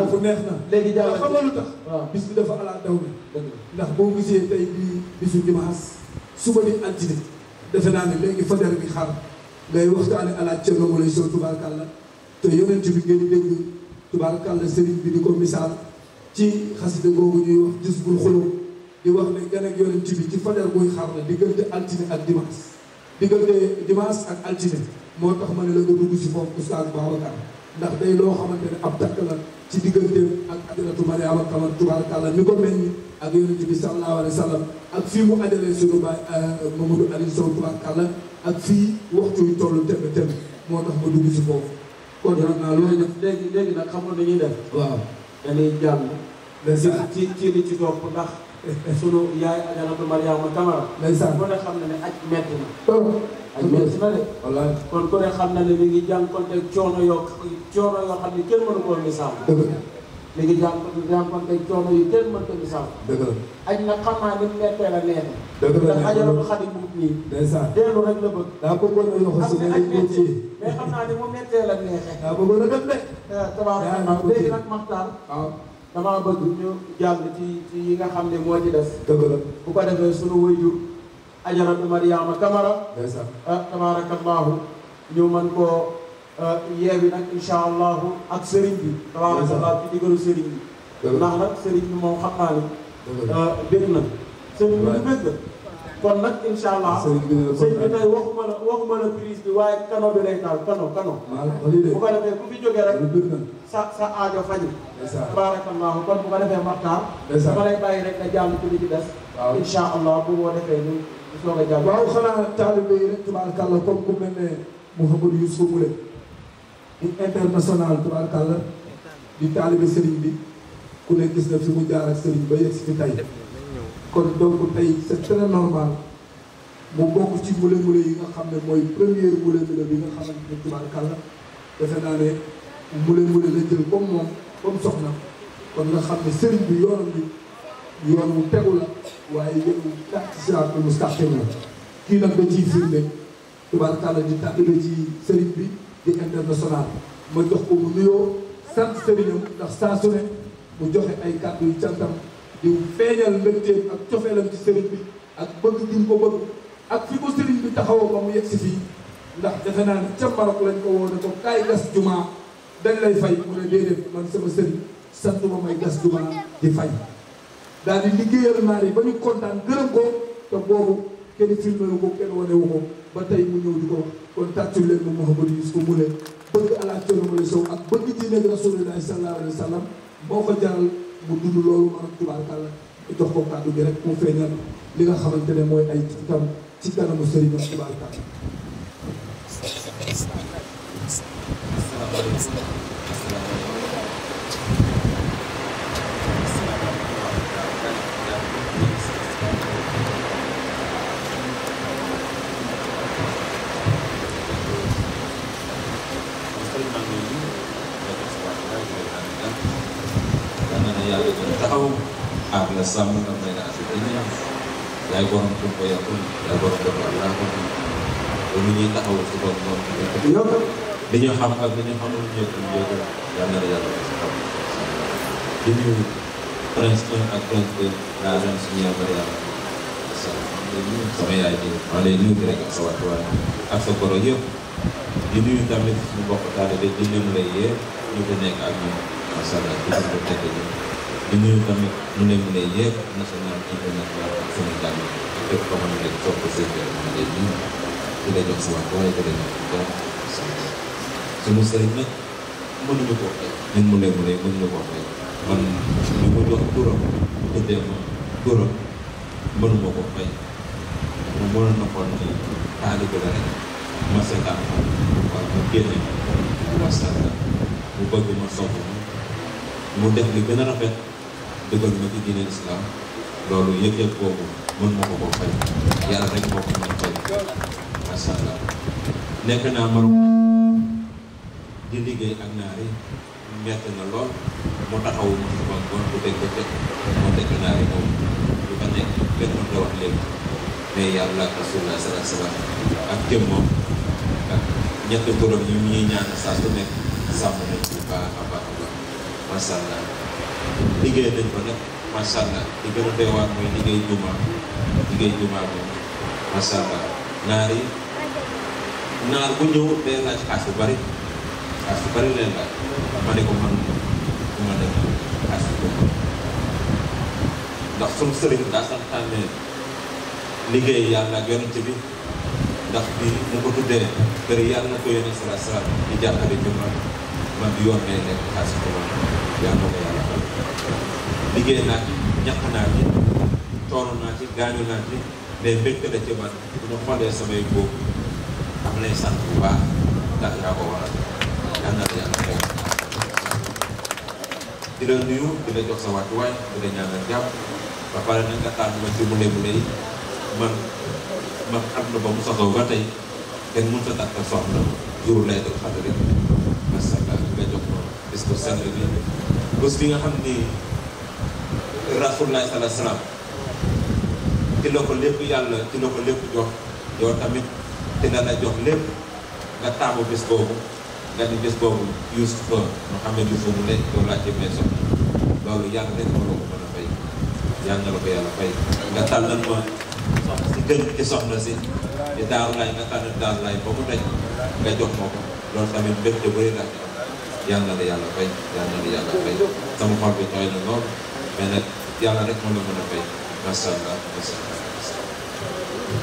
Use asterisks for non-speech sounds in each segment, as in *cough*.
jàng fu neex na. léegi jàng xam nga lu tax. waaw bis bi dafa ndax boo gisee tey bi bisu dimanche suba di altine defe naa ni léegi fajar bi xaar ngay waxtaane alaaj Cerno Moulay Sow tubaarkàlla te yonent bi ngeen dégg tubaarkàlla sëriñ bi di ko misaal ci xasida googu ñuy wax gis bul xuloo i wax ne gan ak yonent bi ci fajar buy xaar la diggante altine ak dimanche diggante dimanche ak altine moo tax ma ne la nga dugg si foofu oustaz Babacar ndax day loo xamante ne ab takk la ci diggante ak ajaratu Mariama Kamara tubaarkàlla mi ko meññ ak yonent bi sallallahu alayhi wa sallam ak fii mu ajalee suñu baay euh, Mamadou Aliou Sow tubaarkàlla ak fii waxtu yu toll tëb tëb moo tax ma dugg si foofu. kon nag naa loolu nag léegi léegi nag xam nga dañuy def. waaw dañuy jàll. ci ci li ci topp sunu yaay ajaratu Mariama Kamara. ndeysaan ku ne xam na ne aj metti na. Oh. aj metti na de. wallaay kon ku ne xam na ne mi ngi jànkuwanteeg coono yoo coono yoo xam ne kenn mënu koo misaal. dëgg la mi ngi jànkuwanteeg coono yi kenn mënu ko misaal. dëgg la aj na xam naa ni mettee la neex na. dëgg la ndax ajaratu xadi bu nii. ndeysaan dellu rek la bëgg. daa ko bëgg a yoxu si ne dañ ko ci. mais xam naa ne mu mettee la neexee. daa bëgg a dem de. Eh, tabaar léegi nag Maxtaar. waaw. damaa bëgg ñu jàll ci ci yi nga xam ne moo ci des. dëgg bu ko defee sunu wëyyu ajaratu Mariama Kamara. ndeysaan ah tabaarakallaahu ñu mën koo ah, yeewi nag incha allahu ak sëriñ bi. tabaarakallaahu ci digalu sëriñ bi. ndax nag sëriñ bi moom xam naa ne. dëgg ah, na sëriñ bi du bëgg kon nag incha allah sëriñ bi tey waxuma la waxuma la prise bi waaye kano bi lay taal kano kano. bu ko defee ku fi jógee rek. sa sa aajo faju barakallahu kon bu nga defee ñu soog a jàll waaw xanaa taalibe yi rek tubaarkàlla comme ku mel ne Mouhamadou Youssouf Moulé di di taalibe sëriñ bi ku ne gis na fi mu jaar ak sëriñ ba yegg si fi tey kon donc tey c'est très mu bokk ci mule mule yi nga xam ne mooy première mule mule bi nga xamante ne tubaarkàlla defe naa ne mbule mbule la jël comme moom comme soxna kon nga xam ne sëriñ bi yoonam bi yoon wu tegu la waaye yoon wu tax ci siraatul mustaqim la kii nag da ciy firnde tubaarkàlla di ci sëriñ bi di international ma jox ko mu nuyoo sant sëriñam ndax saa su ne mu joxe ay kàddu yu cantam di feeñal mbégteem ak cofeelam ci sëriñ bi ak bëgg gi ko bëgg ak fi ko sëriñ bi taxawoo ba mu yegg si fii ndax defe naa ni ca Maroc lañ ko woone ko kaay gas jumaa dañ lay fay mu ne déedéet man sama sëriñ sant ma may gas duma di fay daal liggéeyal naar yi ba ñu kontaan gërëm ko te boobu kenn filmé wu ko kenn wane wu ko ba tey mu ñëw di ko wax kon tàccul leen mu Mouhamadou Youssouf mu ne bëgg ak bëgg diine ak Rasulullahi jox ko kàddu gi rek mu feeñal li nga xamante ne mooy ay tam ci kanamu sëriñam tubaarkàlla da samu nan mai na duniya ya yi gwanon kuma ya kuma ya gwanon kuma Allah kuma domin yi ta hau su gwanon kuma dañoo xam ak dañoo xamul ñëpp ñëpp yàlla na yàlla ko si xam. di nuyu prince un ak prince deux la reine suñu yàlla bëri yàlla. sama yaay ji maa lay nuyu rek ak sa wàccuwaay ak sa koro yëpp. di nuyu tamit suñu mbokk taalibe di lim lay yéen ñu fi nekk ak ñoom macha allah di leen ko teg di nuyu tamit ñu lim lay yéen national international ak Sénégal képp koo xam ne sopp seen kër moom lay nuyu di la jox sa wàccuwaay di la jox sa sama sëriñ nag mënuñu koo fay ñun mu nekk rek mënuñu koo fay man ñu ko jox turam tuddee ma turam mënuma koo fay mu mënoon na xool ni taalibe la rek ma seetaan ko waaye ma génne ma sànni mu bëgg ma sopp mu def li gën a rafet dëggal ma ci diine loolu yëg-yëg boobu mën ma ko koo fay rek moo ko mën a fay macha allah nekk naa man. di liggéey ak naar yi metti na lool mu taxawu ma suba ngoon bu dégg bëccëg moo naar yi moom lu fa nekk kenn mën la wax léegi mais yàlla ak rasulullah salaa salaam ak jëmmoom ak ñett borom yi ñuy ñaan saa su nekk sàmm nañ bu baax a baax a liggéey nañ ko nag macha allah di gën a doy waar mooy liggéey jumaa liggéey jumaa naar yi naar bu ñëw day laaj xaas bu bari ndax sunu liggéey yàlla ak yonent bi ndax bi na ko yónnee sala salaam naa ci ñaq naa ci tooru naa ci gaañu naa ci mais mbégte la ci man bu ma samay góob am lay sant bu ndax yaa ko waral yal na la yàlla xëy nuyu di la jox sa wàccuwaay di la ñaanal jàpp ba pare nag nga na xam ni rasulullah sallallahu ko lépp yàlla ci taamu bis benn bés boobu Youssou Fla Mouhamed Youssou mu ne yow laa ci may soxla loolu yàlla rek ma la ko mën a fay yàlla na la ko yàlla fay nga tànnal ma soxna si gën ci soxna si di daaru laay nga tànnal daaru laay ba mu daj nga jox ma ko loolu tamit mbégte bëri la yàlla na la yàlla fay yàlla na la yàlla fay sama xol bi tooy na lool mais nag yàlla rek moo la mën a fay macha allah macha allah.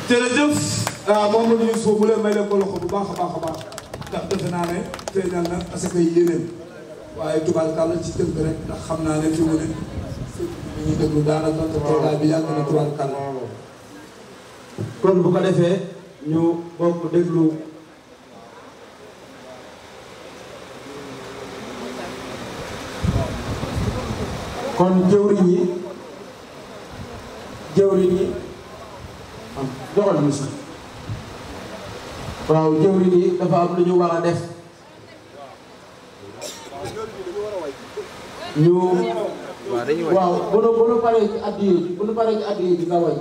jërëjëf. waaw ah, moom la ñuy suuf bu leen may leen ko loxo bu baax a baax a baax. ndax defe naa ne feeñal na asaka yi yéeneen waaye tubaarkàlla ci tënk rek ndax xam naa ne fi mu ñu déglu daanaka te toogaay kon bu ko defee ñu bokk déglu kon jëwriñ yi jëwriñ yi ah, joxal mi sax waaw jëwriñ yi dafa am lu ñu war a def ñu waaw bu nu bu addi yi bu nu paree addi yi dina ah, way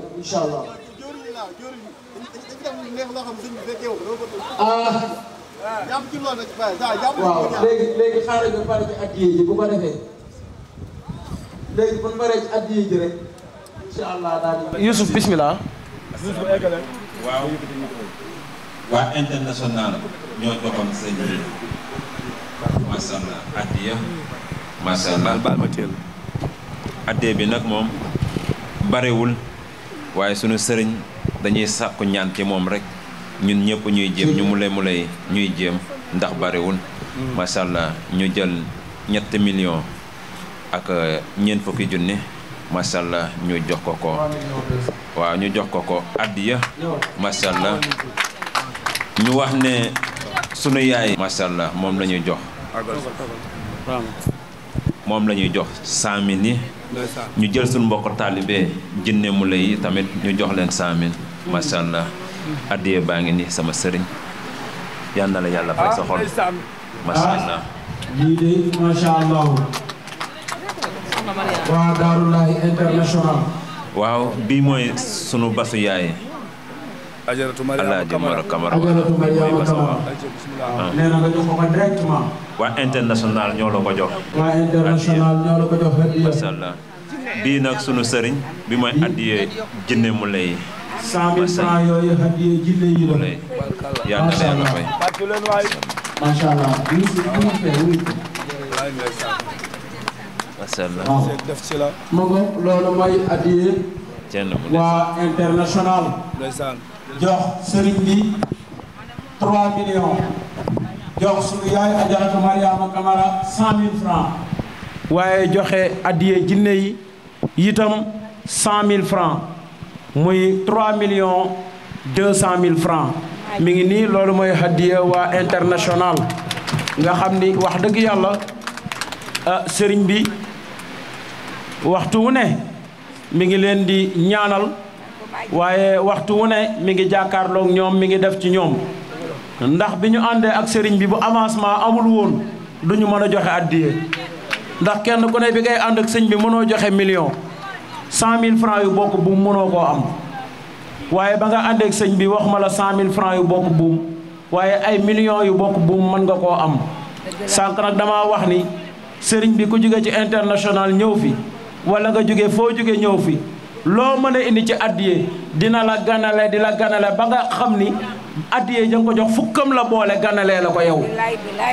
léegi léegi xaaral ñu addi yi bu ko léegi bu nu paree addi yi rek insha allah daal Yusuf bismillah waa international ñoo joxoon sëñ bi baal ma teel addiya bi nag moom barewul waaye sunu sëriñ dañuy sàkku ñaan ci moom rek ñun ñëpp ñuy jéem ñu mu lay ñuy jéem ndax barewul macha ñu jël ñetti million ak eh, ñeent fukki junni macha allah ñu jox ko ko waaw ñu jox ko ko addiya macha ñu wax ne sunu yaay. macha allah moom la ñuy jox. moom la ñuy jox cent yi. ñu jël suñu mbokk taalibe jinne mu lay tamit ñu jox leen cent mille. macha allah addiye baa ngi nii sama sëriñ yal na yàlla fay sa xol. macha allah waaw bii mooy sunu basu yaay. ajaratu Mariama Kamara ah. nee na nga jox ko directement. waa international ñoo la ko jox. waa international ñoo la ko jox macha allah nag sunu sëriñ bi mooy addiye jinne mu lay. cent mille na yàlla fay. macha allah. macha allah. waaw. loolu mooy addiye. waa international. jox sëriñ bi 3 millions jox suñu yaay ajaratu Mariama Camara 100000 francs waaye joxe addiye jinne yi itam 100000 muy millions mi ngi nii loolu mooy addiye waa international nga xam ni wax dëgg yàlla ah, sëriñ bi waxtu wu ne mi ngi leen di ñaanal waaye waxtu wu ne mi ngi jàkkaarloog ñoom mi ngi def ci ñoom ndax bi ñu àndee ak sëriñ bi bu avancement amul woon du ñu mën a joxe addiye ndax kenn ku ne bi ngay ànd ak sëñ bi mënoo joxe million cent mille francs yu bokk buum mënoo koo am waaye ba nga àndeek sëñ bi wax ma la cent mille francs yu bokk buum waaye ay millions yu bokk buum mën nga koo am sànq nag dama wax ni sëriñ bi ku jóge ci international ñëw fi wala nga jóge foo jóge ñëw fi loo mën a indi ci addiyee dina la ganale di la ganale ba nga xam ni addiyee ja nga ko jox fukkam la boole ganalee la ko yow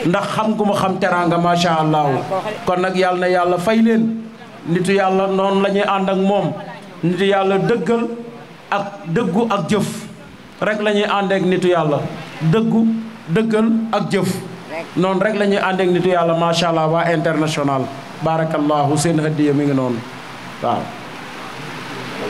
ndax xam gu ma xam teraanga macha allah kon nag yàlla na yàlla fay leen nitu yàlla noonu la ñuy ànd ak moom nitu yàlla dëggal ak dëggu ak jëf rek lañuy ñuy nitu yàlla dëggu dëggal ak jëf noonu rek lañuy ñuy nitu yàlla macha allah waa international barakallahu seen hadiya mi ngi noonu waaw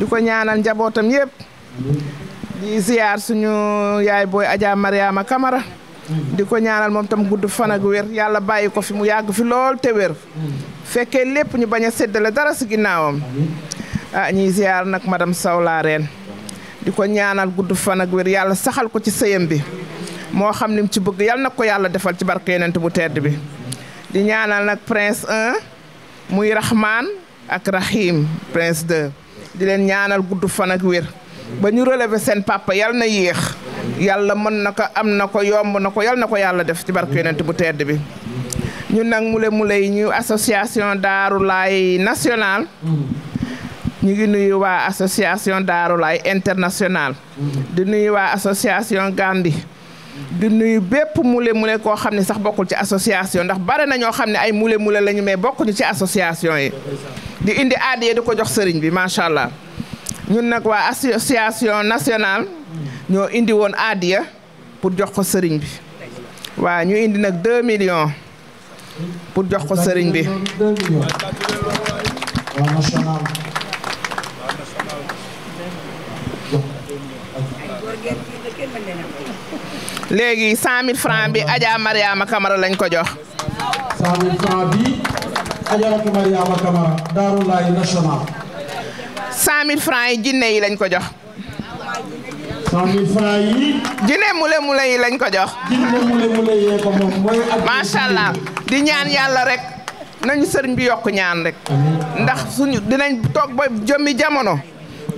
di ko ñaanal njabootam yëpp di ziar suñu yaay booy Adja Mariama Kamara di ko ñaanal moom tam gudd fan ak wér yàlla bàyyi ko fi mu yàgg fi lool te wér fekkee lépp ñu bañ a séddale dara ci ginnaawam ah ñuy ziar nag madame Sow laa di ko ñaanal gudd fan ak wér yàlla saxal ko ci sëyam bi moo xam lim ci bëgg yal na ko yàlla defal ci barke yonent bu tedd bi di ñaanal nag prince 1 muy Rahman ak Rahim prince 2 di leen ñaanal gudd fan ak wér ba ñu relever seen papa yal na yéex yàlla mën na ko am na ko yomb na ko yal na ko yàlla def ci barke yonent bu tedd bi ñun nag Moulé Moulé yi ñu association Daaru Laay nationale ñu ngi nuyu waa association Daaru Laay internationale di nuyu waa association Gandhi di nuyu bépp mule mule koo xam ne sax bokkul ci association ndax bare na ñoo xam ne ay mule mule lañu mais bokkuñu ci association yi di indi aadiyee di ko jox sëriñ bi macha allah ñun nag waa association national ñoo indi woon aadiya pour jox ko sëriñ bi waaw ñu indi nag 2 millions pour jox ko sëriñ bi. léegi 100000 francs bi Adja Mariama Kamara lañ ko jox. 100000 francs bi Adja Mariama Kamara Darou Laye national. 100000 francs yi jinne yi lañ ko jox. 100000 francs yi. jinne mule mule yi lañ ko jox. jinne mule di ñaan yàlla rek nañu sëriñ bi yokk ñaan rek. ndax suñu dinañ toog ba jëmmi jamono.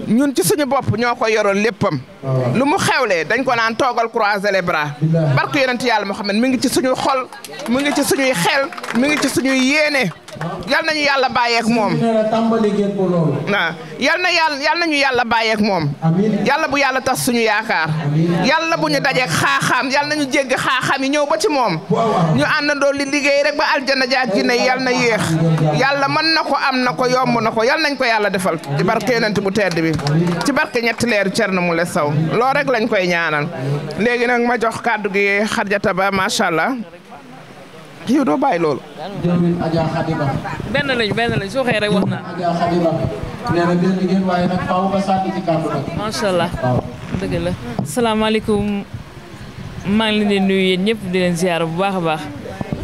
ñun ci suñu bopp ñoo koy yoroon léppam ah. lu mu xewlee dañ ko naan toogal croiser les bras barke yonent yàlla Muhammad mi ngi ci suñu xol mu ngi ci suñuy xel mu ngi ci suñuy yéene yal nañu yàlla bàyyeek moom waaw yal na yàlla yal nañu yàlla bàyyeek moom yàlla bu yàlla tas suñu yaakaar yàlla bu ñu dajeek xaaxaam yal nañu jégg xaaxaam yi ñëw ba ci moom ñu àndandoo li liggéey rek ba aljana jaak gi ne yal na yéex yàlla man na ko am na ko yomb na ko yal nañ ko yàlla defal ci barke yonent bu teer bi ci barke ñetti leeru Cerno Moule Sow loo rek lañ koy ñaanal léegi nag ma jox kàddu gi Xarjata Ba yow doo bàyyi loolu. Adja Khadiba. benn lañ benn lañ soo xëyee rek wax naa Adja allah waaw dëgg la. salaamaaleykum maa ngi leen nuyu yéen ñëpp di leen ziar bu baax a baax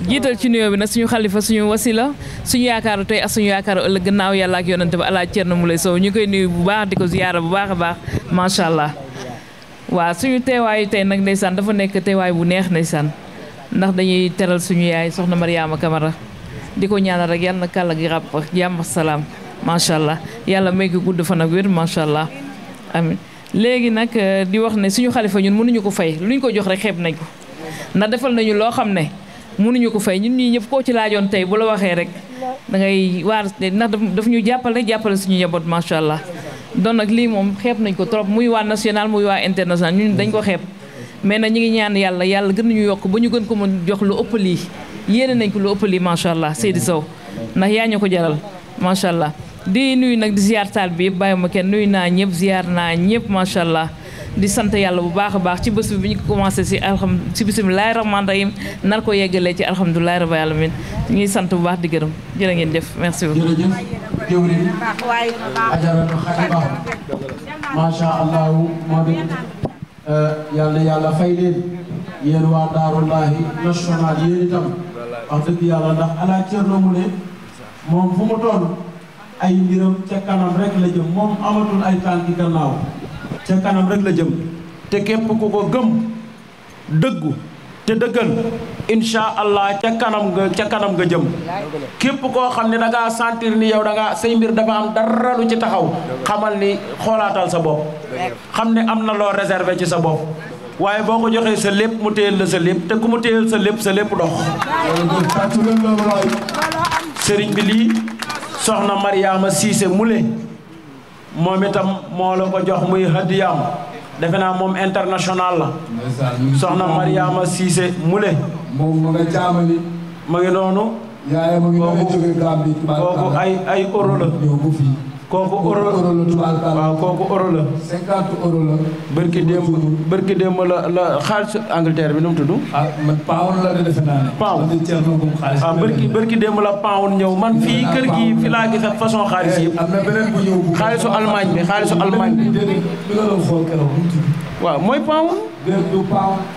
jiital ci nuyoo bi nag suñu xalifa suñu wasila suñu yaakaaru tey ak suñu yaakaaru ëllëg gannaaw yàlla ak yonante ba na mu lay Sow ñu koy nuyu bu baax di ko ziar bu baax a baax macha allah. waaw suñu teewaayu tey nag ndeysaan dafa nekk teewaay bu neex ndeysaan ndax dañuy teral suñu yaay soxna Mariama Kamara di ko ñaanal rek yàlla na kàlla gi ràpp ak jàmm salaam macha allah yàlla may ko gudd fan nag wér macha allah amin léegi nag euh, di wax ne suñu xalifa ñun mënuñu ko fay ñu ko jox rek xeeb nañ ko ndax defal nañu loo xam ne mënuñu ko fey ñun ñii ñëpp koo ci laajoon tey bu la waxee rek da ngay waar ndax daf ñu jàppale jàppale suñu njaboot macha allah. doon nag lii moom xeeb nañ ko trop muy waa national muy waa international ñun dañ ko xeeb. mais nag ñu ngi ñaan yàlla yàlla gën nañu yokk ba ñu gën ko mën jox lu ëpp lii yéene nañ ko lu ëpp lii macha allah Seydi saw ndax yaa ñu ko jaral macha allah. di nuyu nag di ziar taal bi yëpp bàyyi ma kenn nuyu naa ñëpp ziar naa ñëpp macha allah di sant yàlla bu baax a baax ci bés bi bi ñu ko commencé si alxam si bisimilahi rahmaani rahim nar ko yeggalee ci alhamdulilahi rabbil alamin ñuy sant bu baax di gërëm jërë ngeen jëf merci beaucoup. Euh, yàlla yàlla fay leen yéen waa daarullahi national yéen itam wax yàlla ndax alaa Cerno mu ne moom fu mu toll ay mbiram ca kanam rek la jëm moom amatul ay tànki gannaaw ca kanam rek la jëm te képp ku ko gëm dëggu te dëggal incha allah ca kanam nga ca kanam nga jëm képp koo xam ne da ngaa sentir ni yow da ngaa say mbir dafa am dara lu ci taxaw xamal ni xoolaatal sa bopp xam ne am na loo réservé ci sa bopp waaye boo ko joxee sa lépp mu téyel la sa lépp te ku mu sa lépp sa lépp dox sëriñ bi lii soxna Mariama Cissé Moulé moom itam moo la ko jox muy hadiyaam defe naa moom international la. soxna Mariama Cissé mu moom ma ngi noonu. yaayam mu ngi jóge ay ay euro fii. kooku euro waaw kooku euro la. 50 euro la. bërki démb bërki démb la la xaalisu Angleterre bi nu mu tudd. ah man pound la defe naa ne. pound ah bërki bërki démb la pound ñëw man xaalis eh, yëpp. am na bi xaalisu Allemagne bi. waaw mooy pound.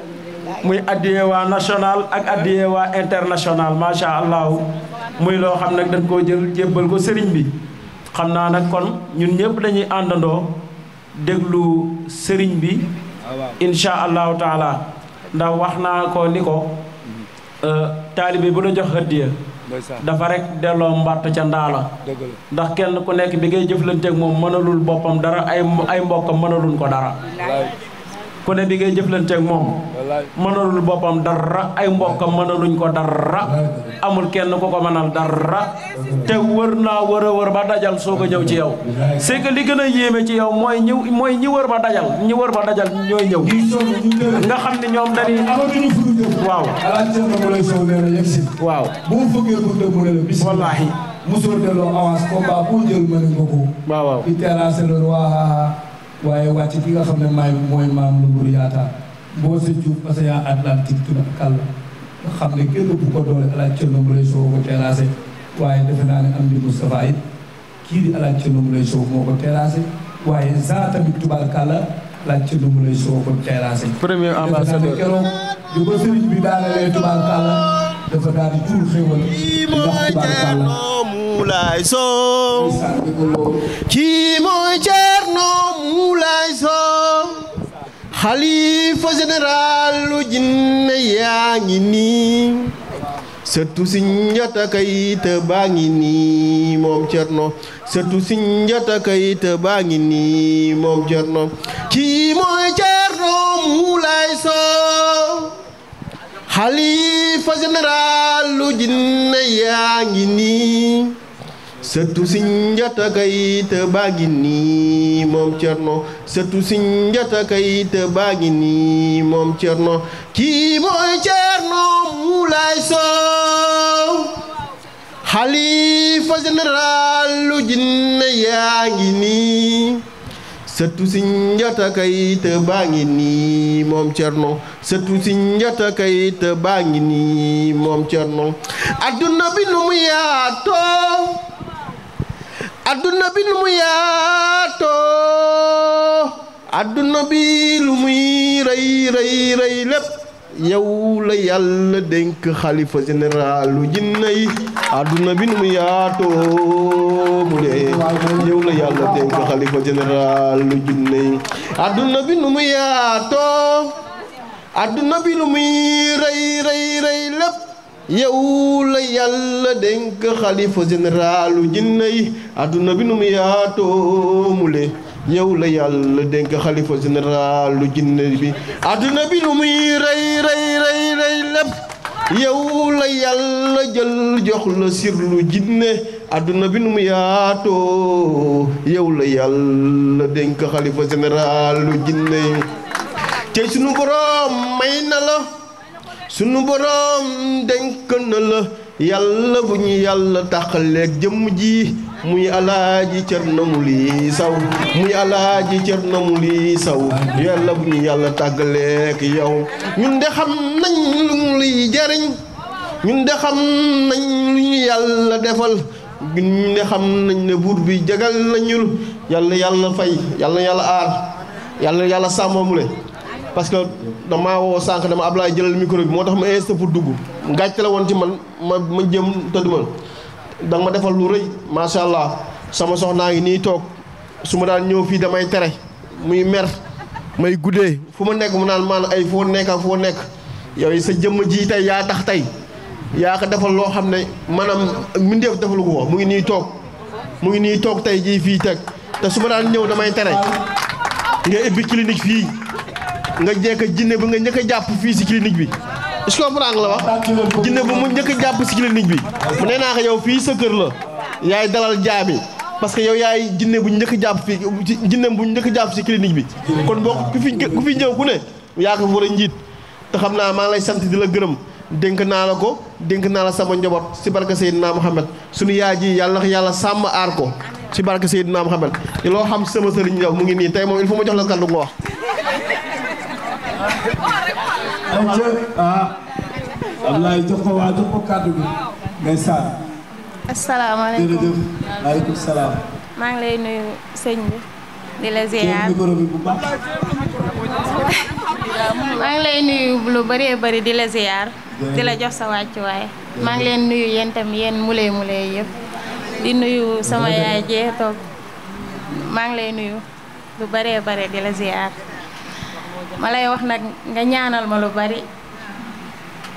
muy addiyee waa national ak addiyee waa international macha allah muy loo xam ne dañ koo jël jébbal ko sëriñ bi xam naa nag kon ñun ñëpp dañuy àndandoo déglu sëriñ bi insha allahu taala ndax wax naa ko ni ko mm-hmm. euh, taalibe bu la jox hëddiya dafa rek delloo mbàtt ca ndaa la ndax kenn ku nekk bi ngay jëflanteeg moom mënalul boppam dara ay ay mbokkam mënalul ko dara ku ne bi ngay jëflante ak moom mënalul boppam dara ay mbokkam mënaluñ ko dara amul kenn ku ko mënal dara te wër naa wër a wër ba dajal soo ko ñëw ci yow c'est que li gën a yéeme ci yow mooy ñi mooy ñi wër ba dajal ñi wër ba dajal ñooy ñëw nga xam ne ñoom dañuy waaw waaw boo fëggee bu dëgg mu ne la bis wallaahi musul bu jël mën nga ko waaw waaw waaye wàcc ki nga xam ne maay mooy maam lu bur yaataa boo sa cuub océan atlantique tuna kàlla nga xam ne kenn bu ko doole alaaj cërno mu lay soo ko terrassé waaye defe naa ne am di Moustapha it kii di alaaj cërno mu lay soo moo ko terrassé waaye zaa tamit tubaar kàlla alaaj cërno lay soo ko terrassé premier ambassadeur keroog bi ko sëriñ bi daanalee tubaar kàlla dafa daal di tuur xéwal ndax kii mooy Thierno Moulay Sow xalifa général jinne yaa ngi nii surtout si njata kayita baa ngi nii moom Thierno surtout si njata kayita baa ngi nii moom Thierno kii mooy Thierno xalifa général jinne yaa ngi nii sëtu si njata kayit baa ngi nii moom cerno sëtu si njata kayit baa ngi nii moom cerno kii mooy cerno Moulay Sow xalifa général jinne yaa ngi nii sëtu si njatakay te baa ngi nii moom cerno sëtu si njatakay te baa ngi nii moom cerno adduna bi nu mu yaatoo adduna bi lu mu yaatoo adduna bi lu muy rëy rëy rëy lépp yow la yàlla dénk xalifa généralu jinne yi bi nu mu yaatoo mu ne la yàlla dénk xalifa généralu jinne yi bi nu muy rey rey yow la yàlla dénk xalifa général lu bi àdduna bi lu muy rey rey rey rey lépp la yàlla jël jox la sir lu àdduna bi nu mu yaatoo yow la yàlla dénk xalifa général lu yi te sunu boroom may na la sunu boroom dénk na la yàlla bu ñu yàlla taxaleeg jëmm ji muy alaaji cër na mu lii saw muy alaaji cër na mu lii saw yàlla bu ñu yàlla tàggaleeg yow ñun de xam nañ lu mu luy jariñ ñun de xam nañ lu ñu yàlla defal ñun de xam nañ ne buur bi jagal nañul yàlla yàlla fay yàlla yàlla aar yàlla yàlla sàmmamule parce que damaa woo sànq dama ab Ablaye jëlal micro moo tax ma insisté pour dugg gàcce woon ci man ma ma jëm tëdd ma da ma defal lu rëy macha allah sama naa ngi nii toog su ma daan ñëw fii damay tere muy mer may guddee fu ma nekk mu naan maan ay foo nekk ak foo nekk yow sa jëmm ji tey yaa tax tey yaa ko defal loo xam ne maanaam mbindeef defalu ko mu ngi nii toog mu ngi nii toog tey jii fii teg te su ma daan ñëw damay tere nga ubbi clinique fii. nga jekk jinne bu nga njëkk jàpp fii si clinique bi est-ce que comprendre nga la wax jinne bu mu njëkk jàpp si clinique bi mu nee naa ko yow fii sa kër la yaay dalal jaami parce que yow yaay jinne bu njëkk jàpp fii jinne bu njëkk jàpp si clinique bi kon boo ku fi ku fi ñëw ku ne yaa ko war a njiit te xam naa maa lay sant di la gërëm dénk naa la ko dénk naa la sama njaboot si barke Seydina Mohamed suñu yaay ji yàlla na yàlla sàmm aar ko si barke Seydina Mohamed loo xam sama sëriñ yow mu ngi nii tey moom il ma jox la kàddu nga ayca ah Ablaye jox ko waa jox ko kàddu gi ndeysaan. asalaamaaleykum jërëjëf maaleykum salaam. maa ngi lay nuyu sëñ bi di la ziar ngi lay nuyu lu bëree di la ziar. la jox sa wàccuwaay. maa ngi leen nuyu yentam tam yéen muley muley yëpp. di nuyu sama yaay jee toog maa ngi lay nuyu lu bare bëri di la ziar. ma lay wax nag nga ñaanal ma lu bari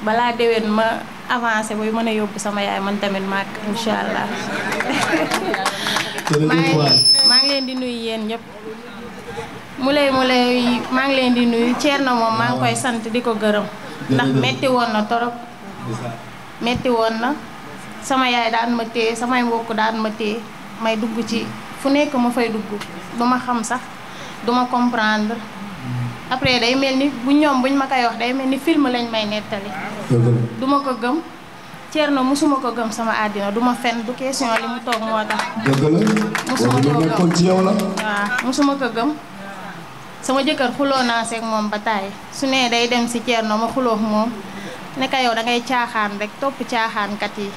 balaa déwén ma avancé buy mën a yóbbu sama yaay man tamit maak incha allah. maa ngi leen di nuyu yéen ñëpp. mu lay mu lay maa ngi leen di nuyu na moom maa ngi koy sant di ko gërëm. ndax metti woon na torop metti woon na sama yaay daan ma téye samay mbokk daan ma téye may dugg ci fu nekk ma fay dugg ma xam sax duma comprendre. après day mel ni bu ñoom buñ ma koy wax day mel ni film lañ may nettali. du ma ko gëm Thierno mosuma ko gëm sama àddina du ma fen du question li mu toog moo tax. mosuma ko gëm ci ko gëm. jëkkër xuloo naa seeg moom ba taay su nee day dem si Thierno ma xuloo moom ne yow da ngay caaxaan rek topp caaxaankat yi.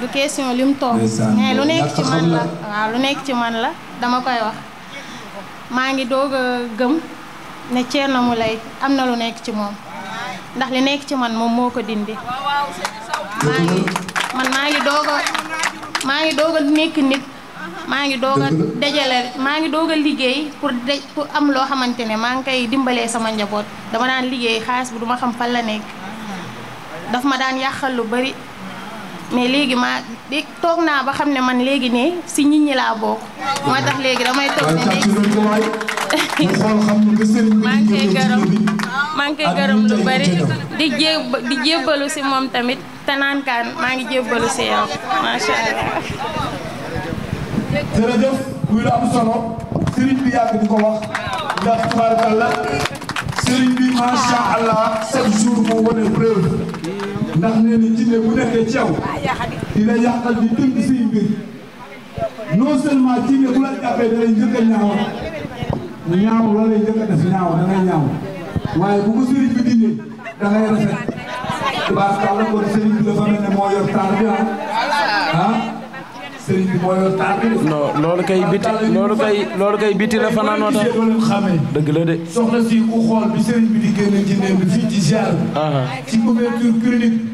du question li mu toog mais lu nekk ci man la waaw lu nekk ci man la dama koy wax maa ngi doog a gëm. ne Thierno Mouleye am na lu nekk ci moom ndax li nekk ci man moom moo ko dindi maa ngi man maa ngi doog maa ngi doog a nekk nit maa ngi doog dajale maa ngi doog a liggéey pour de pour am loo xamante ne maa ngi koy dimbalee sama njaboot dama daan liggéey xaalis bi duma xam fan la nekk daf ma daan yàqal lu bari mais léegi maa di toog naa ba xam ne man léegi ne si nit ñi laa bokk moo tax léegi damay toog ne de maa ngi koy gërëm maa ngi koy gërëm lu bari di jé di jébbalu si moom tamit tanaankaan maa ngi jébbalu si yow macha allah. jërëjëf muy lu am solo di ndax nee na jinne bu nekkee ci yow dina yàqal di tënk bu la jàppee da lay njëkk a ñaaw ñaaw la lay njëkk a def ñaaw da ngay ñaaw waaye bu ko sëriñ bi dindee da ngay rafet. tubaarkàlla kon sëriñ ne moo yor taar bi ah. Ah? moo yor taar bi. loolu kay biti loolu kay loolu kay biti la fanaanoo tax dëgg de. soxna si ku xool bi sëriñ bi di génne jinne bi fii ci ziar. Ah. ci couverture clinique.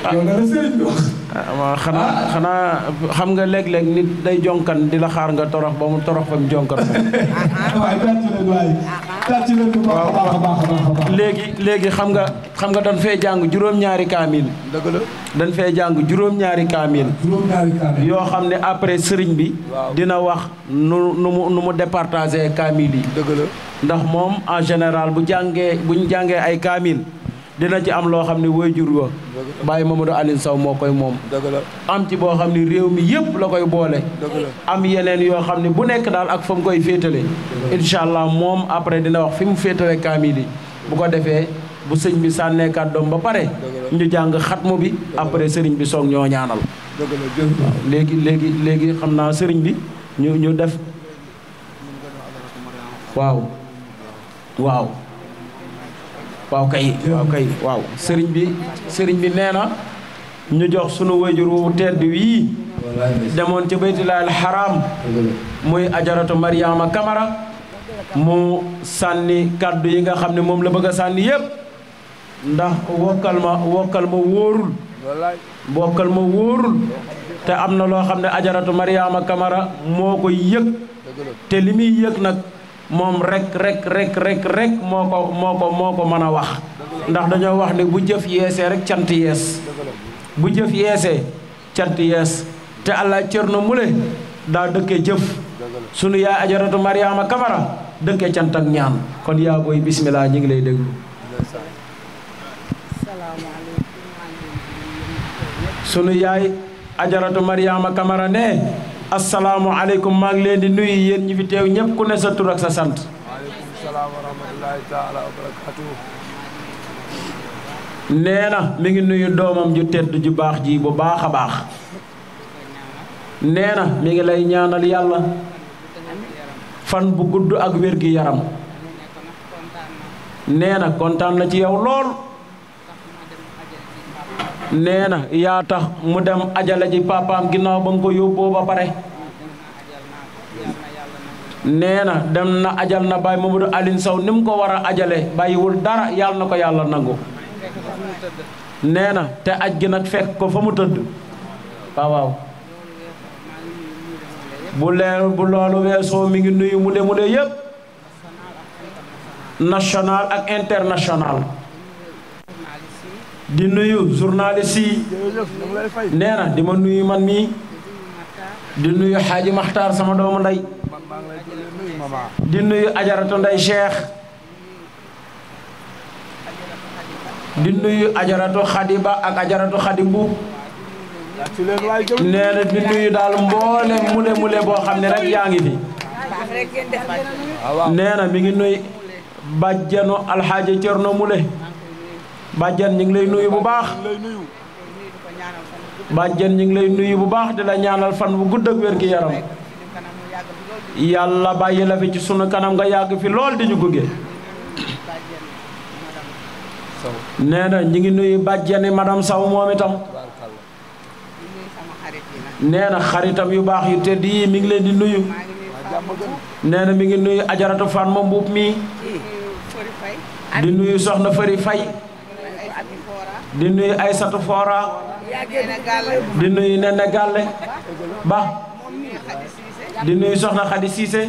yow ah, na xanaa xam nga léeg-léeg nit day jonkan di xaar nga torox ba mu torox *laughs* léegi léegi xam nga xam nga dañ fe jàng juróom-ñaari kaamil. dañ fee jàng juróom-ñaari yoo xam ne après sëriñ bi. dina wax nu nu mu nu mu départagé kaamil yi. dëgg ndax moom en général bu jàngee bu ñu jàngee ay kaamil. dina ci am loo xam ne waajur wa bàyyi Mamadou Alioune Sow moo koy moom am ci boo xam ne réew mi yëpp la koy boole am yeneen yoo xam ne bu nekk daal ak fa mu koy féetale incha moom après dina wax fi mu féetale kaamil yi bu ko defee bu sëñ bi sànnee kàddoom ba pare ñu jàng xat mu bi après sëriñ bi soog ñoo ñaanal léegi léegi léegi xam naa sëriñ bi ñu ñu def waaw waaw waaw kay waaw sëriñ bi sëriñ bi nee na ñu jox sunu wayjur wu tedd wii demoon ci baytilaal xaraam muy ajaratu mariama kamara mu sànni kàddu yi nga xam ne moom la bëgg a sànni yépp ndax wokkal ma wóorul wokkal ma wóorul te am na loo xam ne ajaratu mariama kamara moo ko yëg te li yëg nag moom rekk rek rek rek rek moo ko moo ko mën a wax ndax dañoo wax ne bu jëf yeesee rek cant yees bu jëf yeesee cant yees te allah Cerno Mule daa dëkkee jëf sunu yaay ajaratu Mariama Kamara dëkkee cant ak ñaan kon yaa booy bismillah ñu ngi lay déglu sunu yaay ajaratu Mariama Kamara ne asalaamualeykum maa ngi leen di nuyu yéen ñi fi teew ñëpp ku ne sa tur ak sa sant. nee na mi ngi nuyu doomam ju tedd ju baax ji bu baax a baax. nee na mi ngi lay ñaanal yàlla. fan bu gudd ak wér gi yaram. nee na kontaan na ci yow lool. nee na yaa tax mu dem ajala ji papaam ginnaaw ba mu ko yóbboo ba pare nee na dem na ajal na Baye Mamadou Aline Sow ni mu ko war a ajale bàyyiwul dara yàlla na ko yàlla nangu nee na te aj gi fekk ko fa mu tëdd waaw bu leen bu loolu weesoo mi ngi nuyu mu de mu de yëpp national ak international di nuyu journaliste yi di ma nuyu man mii di nuyu xaaji maxtaar sama doomu ndey di nuyu ajaratu ndey cheikh di nuyu ajaratu xadiba ak ajaratu xadibu nee na di nuyu daal mboole mule mule boo xam ne rek yaa ngi fi nee mi ngi nuyu bàjjanu alxaaji cerno mule bàjjen ñi ngi lay nuyu bu baax bàjjen ñi ngi lay nuyu bu baax di la ñaanal fan bu gudd ak wér gi yaram yàlla bàyyi la fi ci sunu kanam nga yàgg fi lool di ñu gunge nee na ñu ngi nuyu bàjjeni madame Sow moom itam nee na xaritam yu baax yu tedd yi mi ngi leen di nuyu nee na mi ngi nuyu ajaratu fan ma mbuub mii di nuyu soxna Fari Fay di nuyu Aysatu Fora di nuyu Nene Gàlle Ba di nuyu Soxna Xadi Siise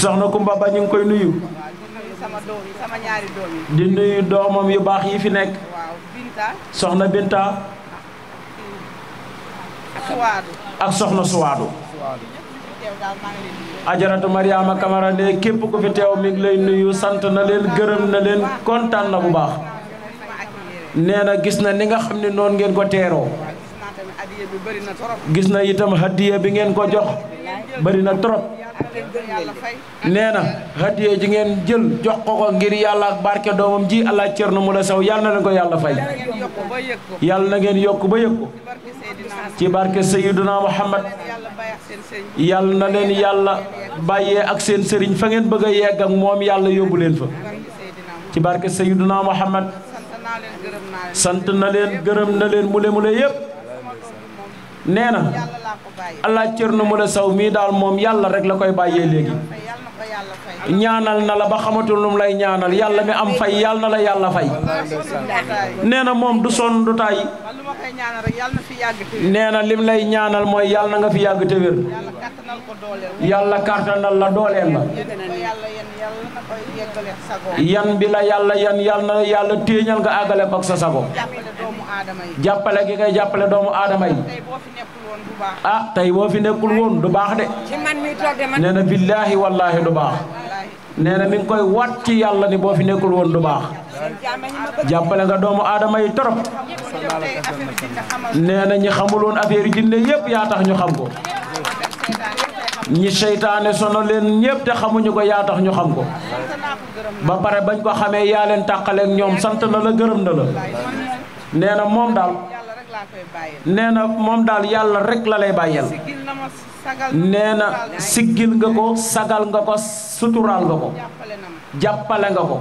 Soxna Kumba Ba ñu ngi koy nuyu di nuyu doomam yu baax yi fi nekk Soxna Binta ak Soxna Suwaadu ajaratu Mariama Kamara ne képp ku fi teew mi lay nuyu sant na leen gërëm na leen kontaan na bu baax nee na gis na ni nga xam ne noon ngeen ko teeroo. gis na itam hadiya bi ngeen ko jox bari na trop. nee na hadiya ji ngeen jël jox ko ko ngir yàlla ak barke doomam ji allah Thierno Moule Sow yàlla na leen ko yàlla fay. yàlla na ngeen yokk ba yëg ko. ci barke Seydouna Muhammad yàlla na leen yàlla bàyyee ak seen sëriñ fa ngeen bëgg a yegg ak moom yàlla yóbbu leen fa. ci barke Seydouna Muhammad sant na leen gërëm na leen mule mule yëpp nee na allah nu Moule saw mii daal moom yàlla rek la koy bàyyee léegi ñaanal na la ba xamatul lu lay ñaanal yàlla mi am fay yàlla na la yàlla fay nee na moom du sonn nee na lim lay ñaanal mooy yàlla na nga fi yàgg te yàlla kàttanal la dooleel la. yan bi la yàlla yan yàlla na yàlla téeñal nga àggale ko ak sa sago. jàppale gi ngay jàppale doomu aadama yi. a ah, tey boo fi nekkul woon du baax de. nee na billaahi wallaahi du baax. nee na mi koy waat ci yàlla ni boo fi nekkul woon du baax jàppale nga doomu aadama yi torop nee na ñi xamul woon affaire jinne yépp yaa tax ñu xam ko ñi seytaane sono leen ñépp te xamuñu ko yaa tax ñu xam ko ba pare bañ ko xamee yaa leen tàqaleeg ñoom sant na la gërëm na la nee na moom daal nee na moom daal yàlla rek lalay lay bàyyeel nee na siggil nga ko sagal nga ko suturaal nga ko jàppale nga ko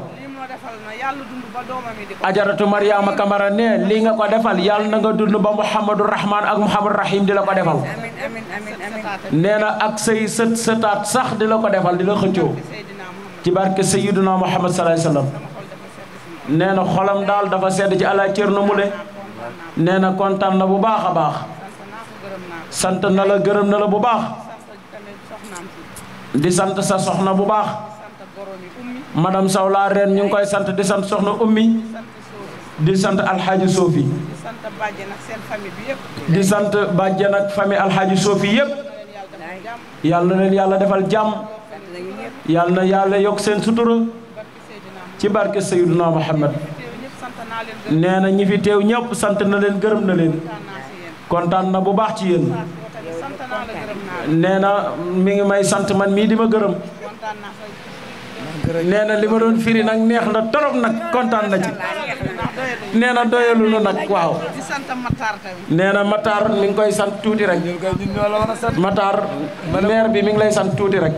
ajaratu Mariama Kamara ne lii nga ko defal yàlla na nga dund ba Mouhamadou Rahman ak Mouhamadou Rahim di la ko defal nee na ak say sët sëtaat sax di la ko defal di la xëccoo ci barke Sayyiduna Muhammad sallallahu alayhi wasallam nee na xolam daal dafa sedd ci Alla Cerno Mule nee na kontaan na bu baax a baax sant na la gërëm na la bu baax di sant sa soxna bu baax madame Sow laa reen ñu ngi koy sant di sant soxna ummi di sant alxaaji Sofi di sant bàjjen ak famille alxaaji Sofi yépp yàlla na leen yàlla defal jàmm yàlla na yàlla yokk seen sutura ci barke Seydina Muhammad nee na ñi fi teew ñëpp sant na leen gërëm na leen kontaan na bu baax ci yéen nee na mu ngi may sant man mii di ma gërëm nee na li ma doon firi nag neex na torop nag kontaan na ci nee na doyalu nu nag waaw nee na Matar mi ngi koy sant tuuti rek Matar maire bi mi ngi lay sant tuuti rek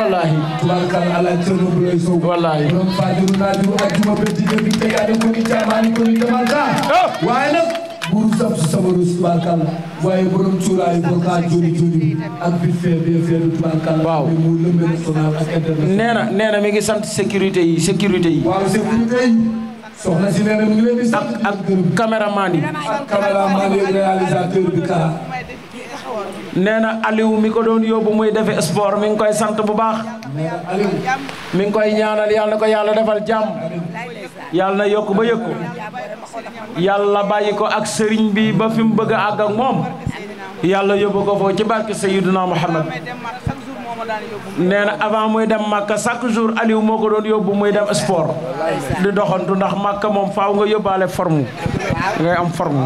wallaahi wallaahi wallaahi oh! buur sab si sama ruus tubaarkal waaye borom cuuraayu ba kaa jori ak bit fee bee fee du waaw mu lëmbe nee na mi ngi sant sécurité yi sécurité yi waaw sécurité yi soxna si nee ngi leen di ak caméraman yi ak caméraman yi réalisateur bi kaa nee na Aliou mi ko doon yóbbu muy defe sport mi ngi koy sant bu baax. mi ngi koy ñaanal yàlla na ko yàlla defal jàmm. yàlla na yokk ba yëkku. yàlla bàyyi ko ak sëriñ bi ba fi mu bëgg a àgg ak moom. yàlla yóbbu ko foofu ci barke Sayyiduna Muhammad. nee na avant muy dem Màkka chaque jour Aliou moo ko doon yóbbu muy dem sport di doxantu ndax Màkka moom faw nga yóbbaale forme ngay am forme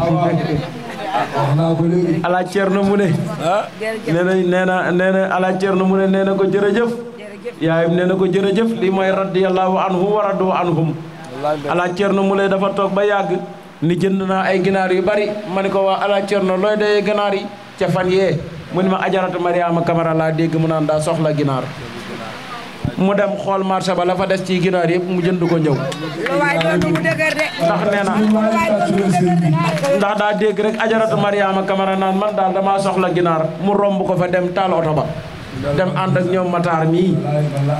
ala Cerno mu ne ah. nee na nee na nee na ala mu ne nee na ko jërëjëf yaayam nee na ko jëf lii mooy radiyallahu anhum wa radu anhum ala Cerno mu ne dafa toog ba yàgg ni jënd naa ay ginaar yu bari ma ne ko waa ala Cerno looy dayee ginaar yi ca fan yee mu ne ma ajaratu Mariama Kamara laa dégg mu naan daa soxla ginaar mu dem xool marché ba la fa des ci ginaar yëpp mu jënd ko ñëw. ndax nee na ndax daa dégg rek ajaratu Mariama Kamara naan man daal damaa soxla ginaar mu romb ko fa dem taal ba. dem ànd ak ñoom mataar mii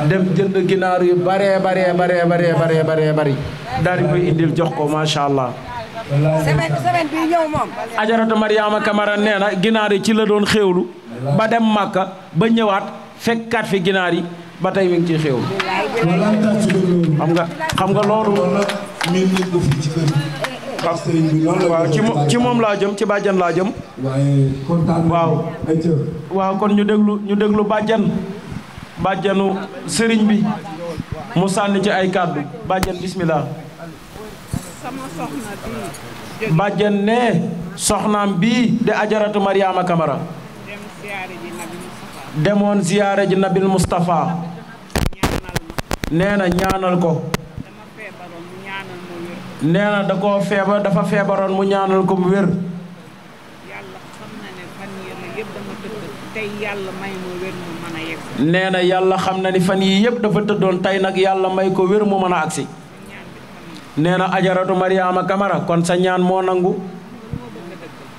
dem jënd ginaar yu bare baree baree baree baree baree bari daal koy indil jox ko macha allah. semaine semaine ajaratu Mariama Kamara nee na ginaar yi ci la doon xéewlu ba dem Màkka ba ñëwaat fekkaat fi ginaar yi. ba tey mi ci ciy xéewlu. xam nga xam nga loolu. waaw ci moom laa jëm ci bàjjan laa jëm. waaw kon ñu déglu ñu déglu bàjjan bàjjanu sëriñ bi mu sànni ci ay kàddu bàjjan bismillah bàjjan ne soxnaam bii de ajaratu Mariama Kamara. demoon ziyaare ji nabil Moustapha nee na ñaanal ko nee na da ko feebar dafa feebaroon mu ñaanal ko mu wér nee na yàlla xam na ni fan yii yëpp dafa tëddoon tey nag yàlla may ko wér mu mën a agsi nee na ajaratu Mariama Kamara kon sa ñaan moo nangu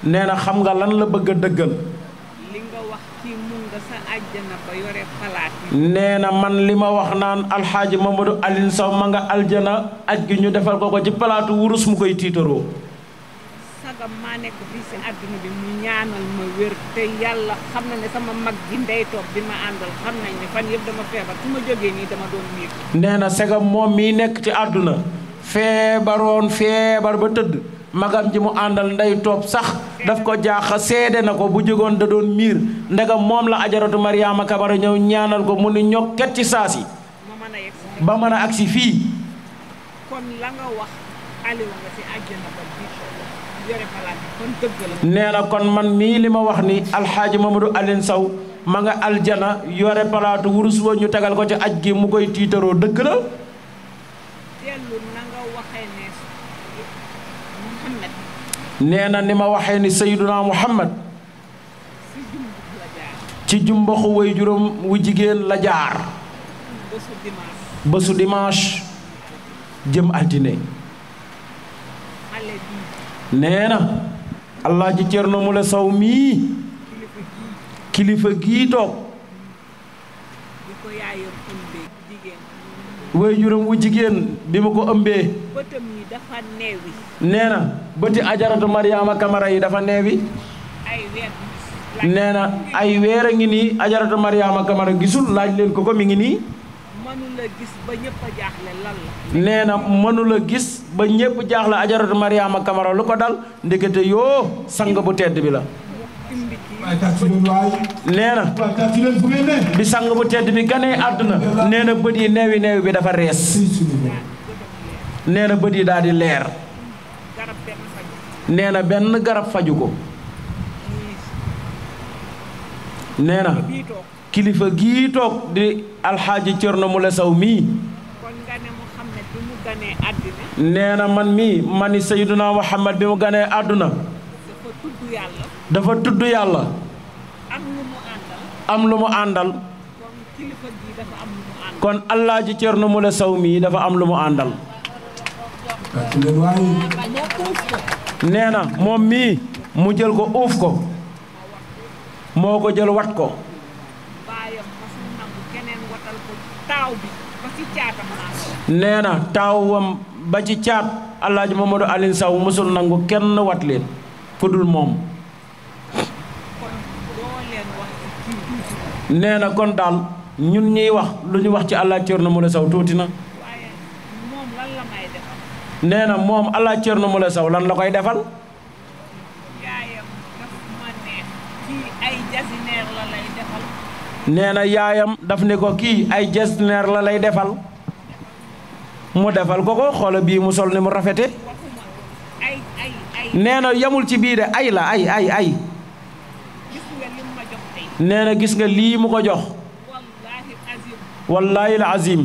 nee na xam nga lan la bëgg a dëggal nee na man li ma wax naan alxaaji Mamadou Alioune Sow ma nga aljana aj gi ñu defal ko ko ci palaatu wurus mu koy tiitaroo sagam maa nekk fii si àdduna bi mu ñaanal ma wér te yàlla xam na ne sama mag ji ndey bi ma àndal xam nañ ne fan yëpp dama feebar su ma jógee nii dama doon miir nee na sagam moom mii nekk ci àdduna feebaroon feebar ba tëdd magam ji mu àndal nday toog sax daf ko jaaxa seede na ko bu jógoon da doon miir ndegam moom la ajaratu Mariama Kabara ñëw ñaanal ko mu ni ñokket ci saasi ba mën a agsi fii nee na kon man mii li ma wax ni alxaaji ma Mamadou Alioune saw ma nga aljana yore palaatu wurus wa ñu tegal ko ci aj gi mu koy tiitaroo dëgg la nee na ni ma waxee ni sayyiduna muhammad ci jumbaxu way juróom wu jigéen la jaar bésu dimanche jëm altine nee na allah ji Cerno Mule Saw mii kilifa gii toog way juróom wu jigéen bi ma ko ëmbee. bëtam yi dafa neewi. nee na bëti ajaratu Mariama Kamara yi dafa neewi. nee na ay weer a ngi nii ajaratu Mariama Kamara gisul laaj leen ko ko mi ngi nii. mënula gis ba ñëpp jaaxle lan la. nee na mënula gis ba ñëpp jaaxle ajaratu Mariama Kamara lu ko dal ndekete yoo sang bu tedd bi la. nee na bi sang bu tedd bi ganee àdduna nee na bët yi neewi neewi bi dafa rees nee na bët yi daal di leer nee na benn garab faju ko nee na kilifa gii toog di alxaaji Thierno Moule Sow mii nee na man mii mani Sayyiduna Muhammad bi mu ganee àdduna dafa tudd yàlla am lu mu àndal kon cer Alaaji Cerno Moule saw mii dafa am lu mu àndal nee na moom mii mu jël ko uuf ko moo ko jël wat ko nee na taawam ba ci caat Alaaji Mamadou Alioune Sow musul nangu kenn wat leen ku moom nee na kon daal ñun ñuy wax lu ñu wax ci allah Thierno Moule Sow tuuti na. nee na moom allah Thierno Moule Sow lan la koy defal. nee na yaayam daf ne ko kii ay gestionnaire la lay defal mu defal ko ko xoola bii mu sol ne mu rafete nee na yamul ci bii de ay la ay ay ay nee na gis nga lii mu ko jox wallaahi la azim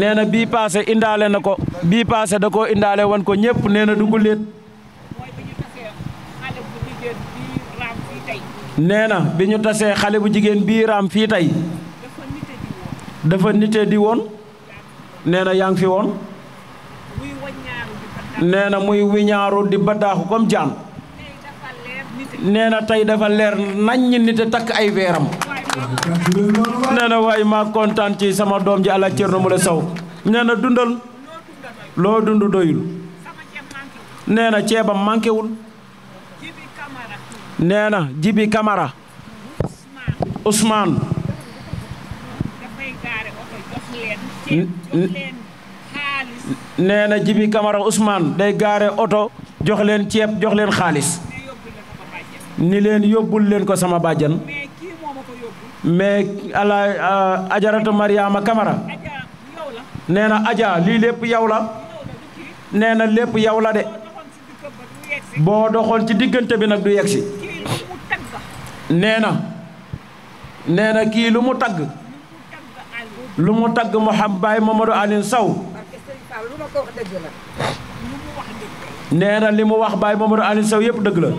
nee na bii paase indaale na ko bii paase da koo indaale wan ko ñépp nee na dugg léet nee na bi ñu tasee xale bu jigéen bii raam fii tey dafa nite di woon nee na yaa ngi fi woon nee na muy wiñaaru di baddaaxu comme jaan nee na tey dafa leer naññ nit a takk ay weeram nee na waaye maa kontaan ci sama doom ji ala Thierno Moule Sow nee na dundal loo dund doyul nee na ceebam manqué wul nee Jibi Camara usmaan nee na Jibi Camara usmaan day gaare oto jox leen ceeb jox leen xaalis ni leen yóbbul leen ko sama bàjjan mais ala ajaratu Mariama Kamara nee na aja lii lépp yow la nee na lépp yow la de boo doxoon ci diggante bi nag du yegsi nee na nee na kii lu mu tagg lu mu tagg xam baay Baye Mamadou Alioune saw nee na li mu wax baay Baye Mamadou Alioune saw yëpp dëgg la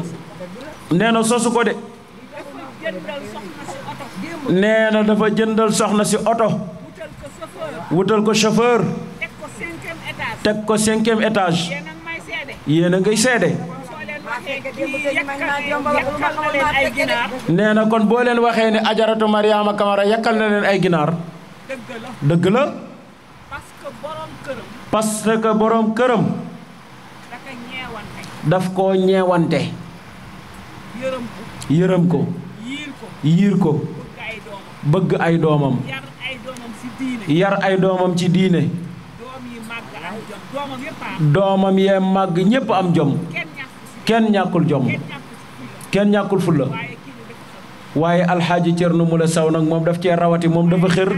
nee na sosu ko de nee na dafa jëndal soxna si oto wutal ko chauffeur teg ko cinquième étage yéen a ngay seede nee na kon boo leen waxee ni ajaratu Mariama Kamara yàkkal na leen ay ginaar dëgg la parce que borom këram daf koo ñeewante yërëm ko yiir ko bëgg ay doomam yar ay doomam ci diine doomam yee màgg ñépp am jom kenn ñàkkul jom kenn ñàkkul fulla waaye alxaaji Thierno Moule Sow nag moom daf cee rawati moom dafa xër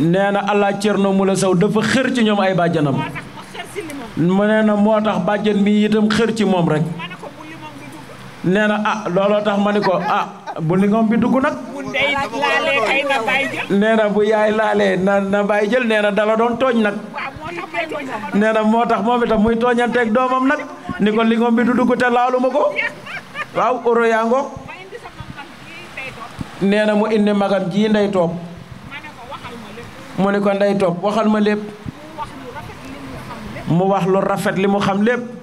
nee na alaaji Thierno Moule Sow dafa xër ci ñoom ay bàjjanam mu nee na moo tax bàjjan mi itam xër ci moom rekk nee na ah looloo tax ma ni ko ah bu lingom bi dugg nag. bu bu yaay laalee na na jël nee na dala doon tooñ nag. nee na moo tax moom itam muy tooñanteeg doomam nag ni ko lingom bi du dugg te laalu ma ko waaw oro yaa nee na mu indi magam ji ndey toog mu ni ko ndey toog waxal ma lépp mu wax lu rafet li mu xam lépp.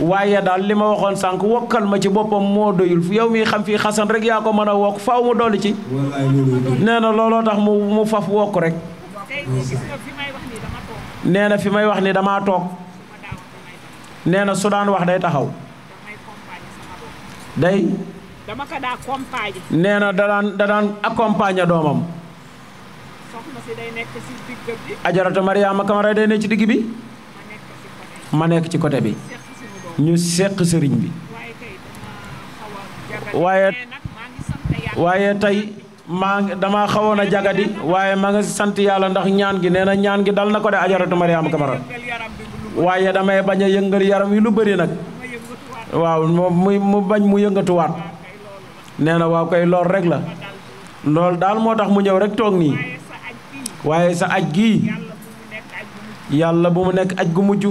waaye daal li ma waxoon sànq wokkal ma ci boppam moo doyul yow mi xam fii xasan rek yaa ko mën a wokk faw mu dollu ci nee na looloo tax mu mu faf wook rek nee na fi may wax ni damaa toog nee na su daan wax day taxaw day nee na da daan da daan accompagner doomam ajaratu Mariama Kamara day ne ci digg bi ma nekk ci côté bi ñu seq sëriñ bi waaye waaye tey maa ngi damaa xawoon a jagadi waaye ma nga sant yàlla ndax ñaan gi nee na ñaan gi dal na ko de ajaratu Mariama Kamara waaye damay bañ a yëngal yaram wi lu bëri nag waaw mu mu bañ mu yëngatuwaat nee na waaw koy lool rek la loolu daal moo tax mu ñëw rek toog nii waaye sa aj gii yàlla bu mu nekk aj gu mujj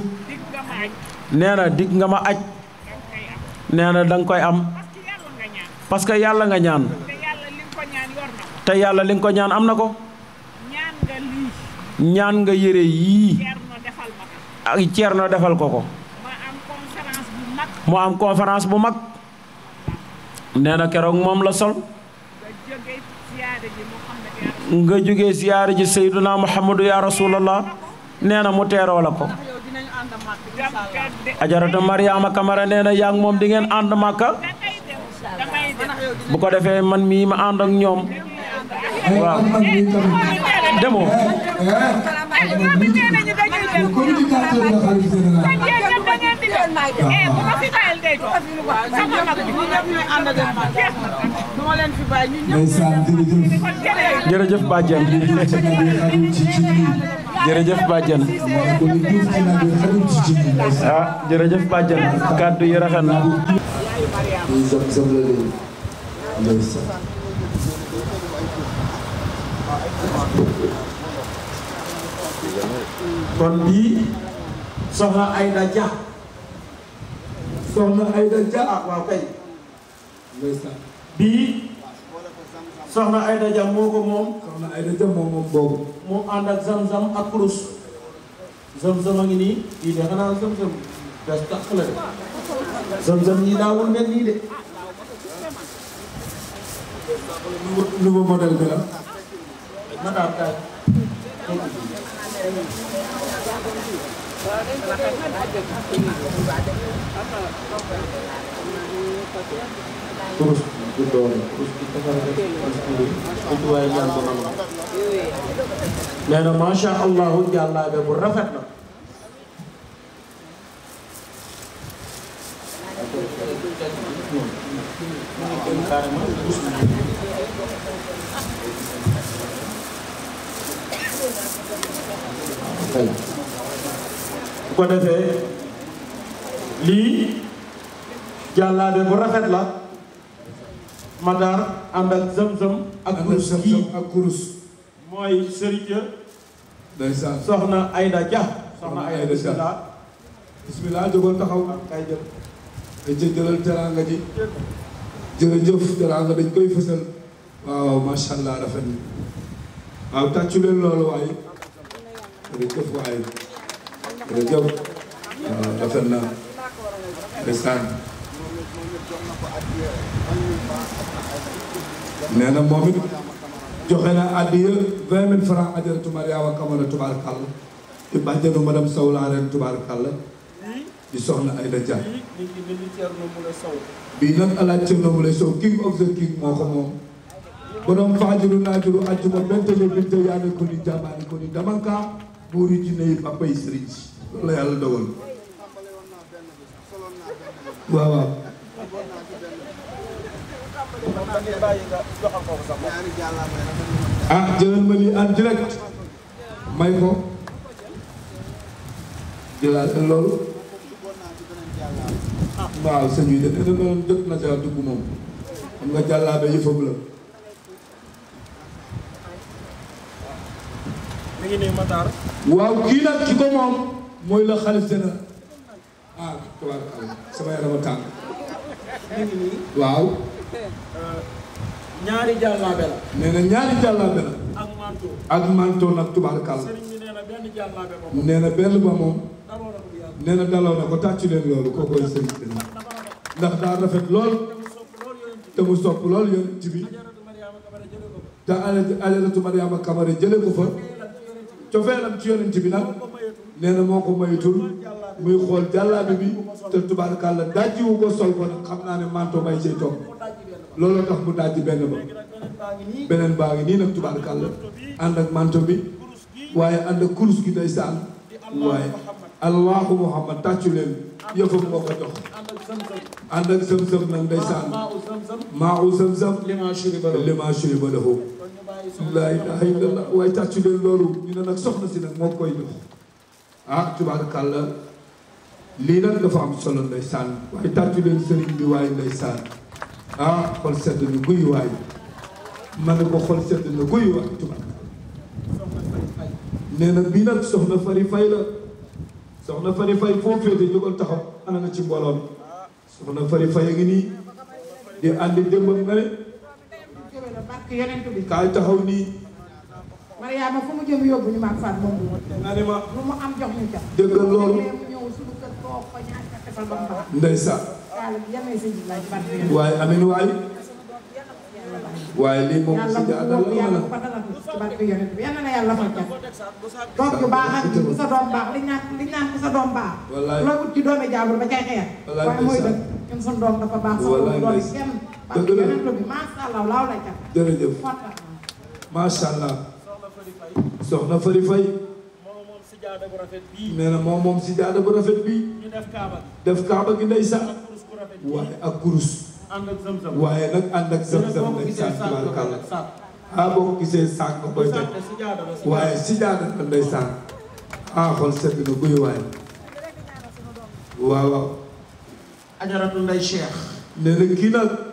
nee na dig nga ma aj nee na danga koy am parce que yàlla nga ñaan te yàlla li nga ko ñaan am na ko ñaan nga yére yii ak Ceerno defal ko ko mu am conférence bu mag nee na keroog moom la sol nga jóge siyaare ji Seyduna Muhammadu ya rasulallah nee na mu teeroo la ko ajaratu Mariama Kamara nee na yaa ngi moom dingeen ngeen ànd màkka bu ko defee man mii ma ànd ak ñoom waaw jërëjëf bàjjen jërëjëf ah, jërëjëf bàjjen kàddu yi rafet na kon bii soxna Ayda Dia soxna ay Dia ah waaw kay bii soxna Aida Dia moo ko moom soxna moom moom ànd ak zam-zam ak kurus zam-zam a ngi nii lii de xanaa zam-zam das tax la de zam-zam yi daa mel nii de nouveau modèle bi la madaam kaay kurus du doole kurus bi defar rek kurus bi lu ci waaye ñaan bu nangu nee na macha allahu jàllaabe bu rafet la Thank you. ko defee lii jàllaade bu rafet la madaar ànd ak zëm-zëm ak kurus kurus mooy sëriñ ja ndeysaan soxna Ayda Dia soxna Ayda bismillah bismillah jógoon taxaw kay jël dañ ca jëlal teraanga ji jërëjëf teraanga dañ koy fësal waaw macha allah rafet na waaw tàccu leen loolu waaye jërëjëf waaye jërëjëf euh, rafet na ndeysaan nee na moom it joxe na addiya vingt mille francs ajaratu Mariama Kamara tubaarkàlla di bàjjenu madame Sow laa ren di soxna Ayda Dia bii nag alaaj Cerno Mulay Sow king of the king moo ko moom borom faajuru naajuru ajjuma bente le binte ko ni jamaane ko ni damanka buuri jinne yi papa yi loolu la yàlla dogal waaw waaw ah jëlal ma lii en direct may ko loolu waaw sëñ bi def noonu jot na dugg moom xam nga jàllaabe yëfam la waaw kii nag ki ko moom mooy la xaalis dana ah tubaarkalla sama yaram a tàng waaw ñaari jàllaabe la nee na ñaari jàllaabe la ak manto ak manto nag tubaarkalla nee na benn ba moom nee na daloo na ko tàccu leen loolu kookoy sëriñ ndax daa rafet lool te mu sopp lool yonent bi te ajaratu Mariama Kamara jële ko fa cofeelam ci yonent bi nag nee na moo ko maytul muy xool jàllaabi bi te tubaarkàlla dajjiwu ko sol ko nag xam naa ne manto may cee topp looloo tax mu dajji benn ba beneen baax ngi nii nag tubaarkàlla ànd ak manto bi waaye ànd ak kurus gi day saan waaye allahu muhammad tàccu leen yëfam moo ko jox ànd ak sëm-sëm nag day saan maa u sëm-sëm lima shuriba lahu la ilaha illallah waaye tàccu leen loolu ñu ne nag soxna si nag moo koy jox ah tubaarkàlla lii nag dafa am solo ndeysaan waaye tàccu leen sëriñ bi waaye ndeysaan ah xol sedd na guy waay ma ko xol sedd na guy waay tubaarkàlla nee na bii soxna Fari Fay la soxna Fari Fay foo féete jógal taxaw ana nga ci mbooloo mi soxna Fari Fay ngi nii di àndi démbam nga ne kaay taxaw nii Mariama fu mu jëm yóbbu ñu maag Fatou moom bu ma lu mu am jox ñu jox dëgg loolu ñëw suñu kër koo ko ñaan ko defal ba waaye waay waaye lii moom si jaadal la yàlla na yàlla fa jàpp doom ju baax ak ku sa doom baax li ñaan li ñaan ku sa doom baax loo ut ci doomi jaabur ba cay xeer waaye mooy dëgg ñun suñu doom dafa baax sa doom kenn parce que yeneen bi macha allah laaw macha allah soxna Fari Fay nee na moo moom si jaada bu rafet bi def kaaba gi ndey sax waaye ak kurus waaye nag ànd ak zam-zam nag sax tubaarkàlla ah boo ko gisee sànq koy teg waaye si jaada na ndey sax ah xool sedd na buy waaye waaw waaw ajaratu nday Cheikh nee na kii nag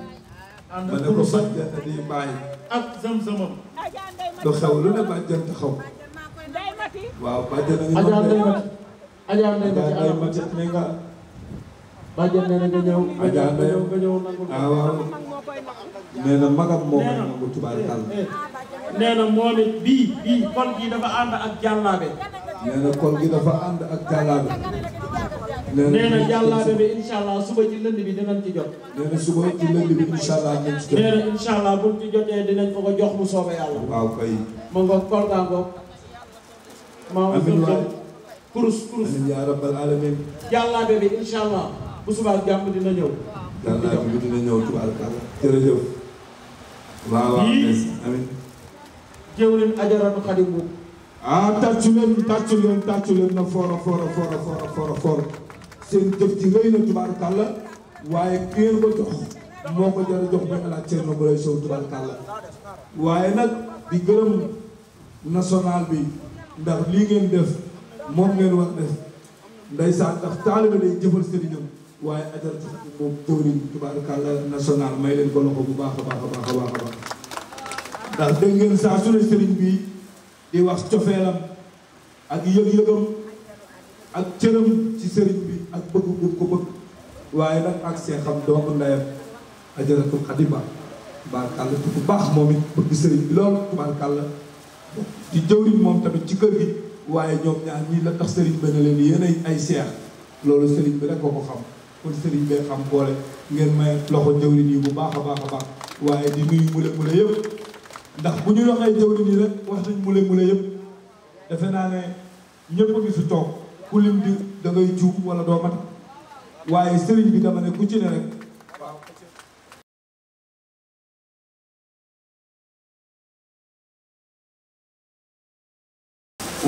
ma ne ko bàjjante di bàyyi. ak zam-zamam. lu xew lu ne bàjjante xaw. waaw bàjjante ñu. ajaan day mati ajaan day mati ajaan day mati ne nga. bàjjante ne nga ñëw. ajaan day nga ñëw ah waaw. nee na magam moom la ñu ko tubaab kàlla. nee na moom it bii bii kol gi dafa ànd ak jàllaabe. nee na kol gi dafa ànd ak jàllaabe. nee na jàllaabe bi incha allah suba ci lënd bi dinañ ci jot. nee suba ci lënd bi incha allah dinañ ci jot. nee dinañ ko ko jox bu soobee yàlla. waaw kay. ma ngoog kontaan ko. amiin waay kurus kurus. amiin yaa rabbal alamin. jàllaabe bi incha bu subaa jàmm dina ñëw. jàllaabe bi dina ñëw tubaarkalla. jërëjëf. waaw waaw amiin. jëwlin ajaratu xadim bu. ah tàccu leen tàccu leen tàccu leen na foora foora foora foora foora foora. seen jëf ji rëy na tubaarkàlla waaye kéer ba jox moo ko jar a jox ba El Hadj Thierno Moule Sow tubaarkàlla waaye nag di gërëm national bi ndax lii ngeen def moom ngeen wax def ndeysaan ndax taalibe day jëfal sëriñam waaye ajar ci ko bu baax a baax a baax sëriñ bi di wax cofeelam ak yëg-yëgam ak cëram ci sëriñ ak bëgg bu ko bëgg waaye nag ak seen xam doomu ndeyam ajaratu Xadiba tubaarkàlla di baax moom it bëgg sëriñ bi lool tubaarkàlla di jëwriñ moom tamit ci kër gi waaye ñoom ñaar ñii la tax sëriñ bi ne leen yéen ay seex loolu sëriñ bi rek ko ko xam kon sëriñ bee xam boole ngeen may loxo jëwriñ yi bu baax a baax a baax waaye di nuyu mule mule yëpp ndax bu ñu waxee jëwriñ yi rek wax nañ mule mule yëpp defe naa ne ñëpp a fi toog ku lim bi da ngay juum wala doo waaye sëriñ bi dama ne ku ci ne rek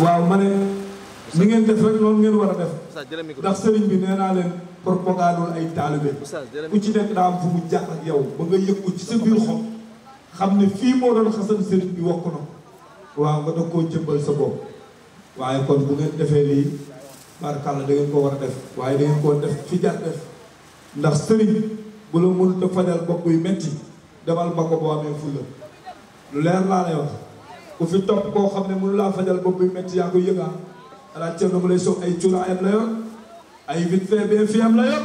waaw ma ne ni ngeen def rek noonu ngeen war a def ndax sëriñ bi nee naa leen propagandul ay taalibe ku ci nekk daa am fu mu jàq yow ba nga yëg ko ci sa biir xol xam ne fii moo doon xasan sëriñ bi wokk na waaw nga da koo jëmbal sa bopp waaye kon bu ngeen defee lii barkàlla da ngeen ko war a def waaye da ngeen koo def fi jar def ndax sëriñ bu la mënut a fajal bopp yu métti demal ba ko boo amee fulla lu leer laa lay wax ku fi topp koo xam ne mënu laa fajal bopp yu métti yaa ko yëgaa alaaj ceeb na mu lay soog ay cuuraayam la yor ay vite fait bien fi am la yor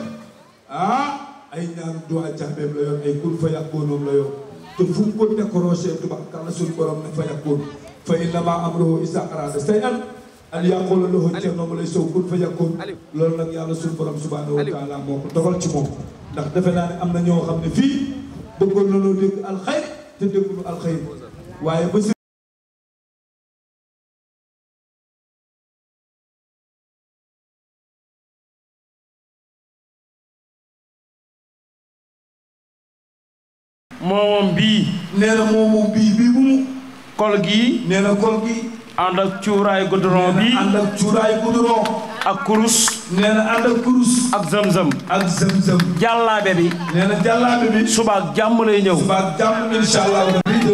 ah ay ñaanu duwaa jaxbeem la yor ay kul fa yàqoonoom la yor te fu mu ko décroché tubaab kàlla suñu borom ne fa yàqoon fa inna maa amruhu izaa araada an yàqoola loxo ca nooma lay sow kun fa yàkkoon loolu nag yàlla suñu borom subhanahu wa taala moo ko ci moom ndax defe naa ne am na ñoo xam ne fii bëggoon na na moom bu kol gii nee na kol gii ànd ak cuuraay goudron bi ànd ak cuuraay goudron. ak kurus. nee na ànd ak kurus. ak zëmzëm. ak jàllaabe bi. nee na jàllaabe bi. suba ak jàmm lay ñëw. allah.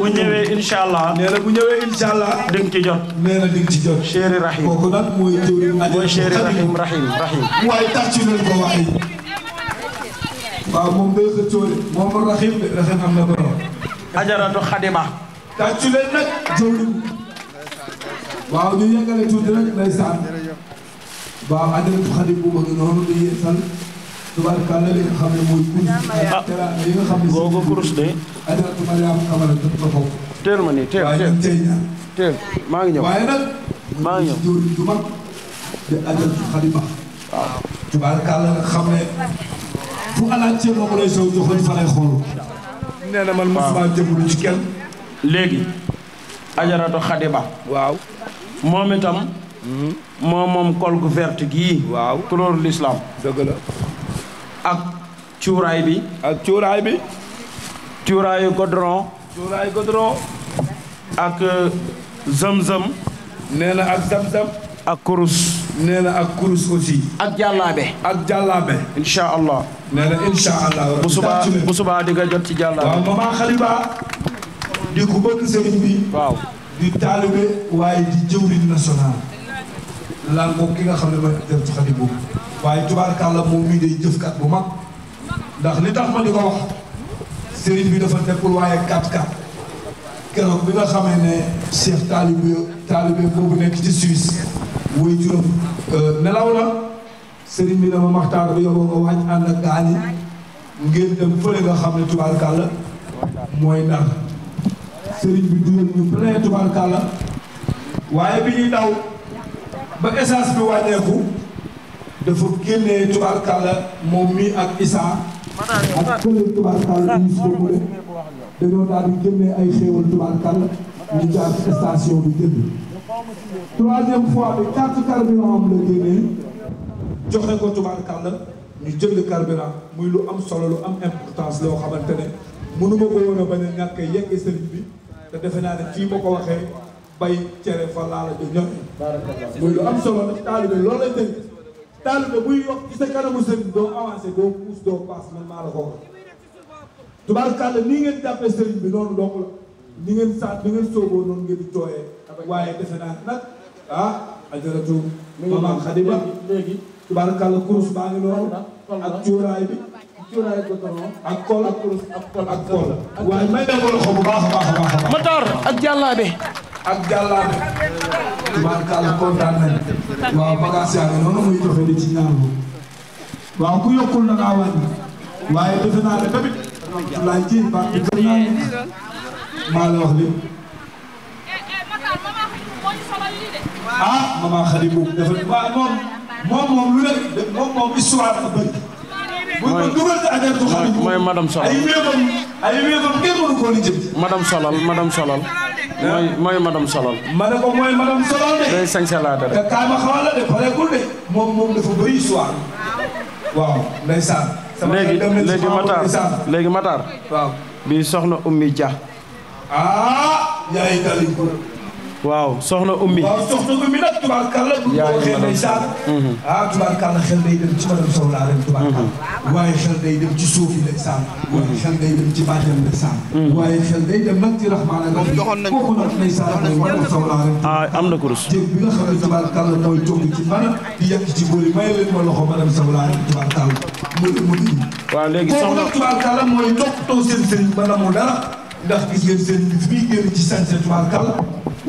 bu ñëwee incha allah. nee na jot. nee na di nga ci jot. chéri rahim kooku nag mooy. waaye tax ci leen ko waxee. waaw xadima. tax leen nag. waaw ñu yëngale tuuti rek ndeysaan waaw ajaratu xarit bu bëgg nga xam ne mooy kurus yi nga xam ne googu kurus de ajaratu Mariam Kamara def ma nii teel maa ngi ñëw waaye nag maa ngi ñëw jóor ju mag di ajaratu xarit ba waaw tubaarkàlla nga fu alaaj cee moo ko lay sow joxoñ fa lay xool nee na man mosuma jëmulu ci kenn léegi ajaratu xarit ba waaw moom itam. moom moom col gu verte gii. waaw couleur l'islam. ak cuuraay bi. ak cuuraay bi. cuuraayu godron. cuuraayu godron. ak euh, zam-zam. nee na ak zam-zam. ak kurus. nee ak kurus aussi. ak jàllaabe. ak jàllaabe. incha allah. bu subaa bu jot ci jàllaabe. waaw maman Khaliba. di ku bëgg bi. waaw. di taalibe waaye di jëwriñ national lan moom ki nga xam ne mooy def ci boobu waaye tubaarkàlla moom mii day jëfkat bu mag ndax li tax ma di ko wax sëriñ bi dafa nekkul waaye kat kat keroog bi nga xamee ne Cheikh taalibe taalibe boobu nekk ci Suisse woy juróom euh, nelaw la sëriñ bi dama maxtaar bi yoboo nga wàcc ànd ak gaañi ngeen dem fële nga xam ne tubaarkàlla mooy nar sëriñ bi dugal ñu plein tubaarkàlla waaye bi ñuy daw ba essence bi wàññeeku dafa génnee tubaarkàlla moom mi ak Issa ak kële tubaarkàlla ñu si jaar station bi jënd troisième fois bi quatre carburant am la génnee joxe ko tubaarkàlla ñu jënd carburant muy lu am solo lu am importance loo xamante ne mënuma ko woon a bañ a ñàkk yegg sëriñ bi te defe naa ne fii ma ko waxee bay cere fa laa la ju muy lu am solo ndax taalibe loolu lay dégg taalibe buy yokk ci sa kanamu sëriñ doo avancé doo puus doo paas man maa la ko wax tubaarkàlla nii ngeen jàppee sëriñ bi noonu dong la ni ngeen saat ni ngeen sooboo noonu ngeen di tooyee waaye defe naa nag ah ajaratu maman Xadi ba léegi tubaarkàlla kurus baa ngi noonu ak cuuraay bi cuuraay goudron ak kool ak kurus ak kool ak kool. waaye may def loxo bu baax a baax a baax. Matar ak jàllaabe. ak jàllaabe. tubaarkàlla kontaan nañu. waaw bagage yaa ngi noonu muy joxe di ci ñaar waaw ku yokkul na ngaa wàññi. waaye defe naa ne tamit. laaj ci baax bi gën naa maa la wax li ah maman Khady Mbow dafa waaw moom moom moom lu ne moom moom histoire dafa bëri. mooy mooy madame Solal. ay wéegam kenn mënu Solal madame Solal. mooy mooy madame Solal. ma ne ko mooy madame Solal de. day sañ rek. te kaama xawal la de pareegul de. moom moom dafa bëri histoire. waaw ndeysaan. sama léegi léegi Matar léegi Matar. waaw soxna Oumy Dia. Ah, waaw soxna ummi waaw soxna ummi nag tubaarkàlla bu ko waxee ndeysaan ah tubaarkàlla xel day dem ci madame Sow laa dem tubaarkàlla mm-hmm. waaye xel day dem ci suuf yi ndeysaan mm-hmm. waaye xel day dem ci baatam ndeysaan mm-hmm. waaye xel day dem nag ci raxmaana nga doxoon nañ kooku nag ndeysaan mooy madame Sow laa dem ah am na kurus jéeg bi nga xam ne tubaarkàlla mooy jóg ci man di yàq ci góor yi may leen ma loxo madame Sow laa dem tubaarkàlla mooy ëmb waaw léegi soxna kooku nag tubaarkàlla mooy toppatoo seen sëriñ ba namu dara ndax gis ngeen sëriñ bi fi muy génn ci santé tubaarkàlla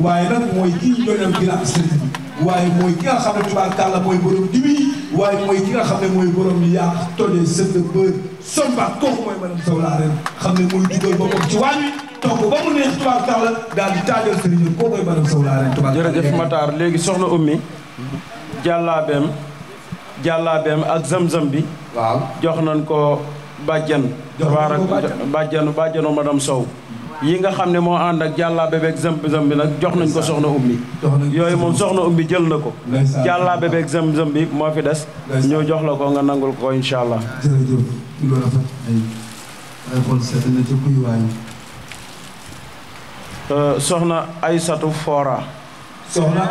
waaye nag mooy kii ñu doon sëriñ waaye mooy ki nga xam ne tubaarkàlla mooy borom dibi waaye mooy ki nga xam ne mooy borom yàq tojee sënd bër sombaat kooku ba madame Sow laa ren xam ne mooy ba mu neex daal di taajal sëriñ bi kooku mooy madame Sow laa ren tubaarkàlla jërëjëf léegi soxna ummi jàllaabeem jàllaabeem ak zamzam bi waaw jox nañ ko bàjjan bàjjanu bàjjanu madame Sow yi nga xam ne moo ànd ak jàllaabe beeg zëm bi nag jox nañ ko soxna ummi yooyu moom soxna ummi jël na ko jàllaabe beeg zëm bi moo fi des ñëw jox la ko nga nangul ko incha allah jërëjëf loolu ay xol seet soxna Aysatu Fora soxna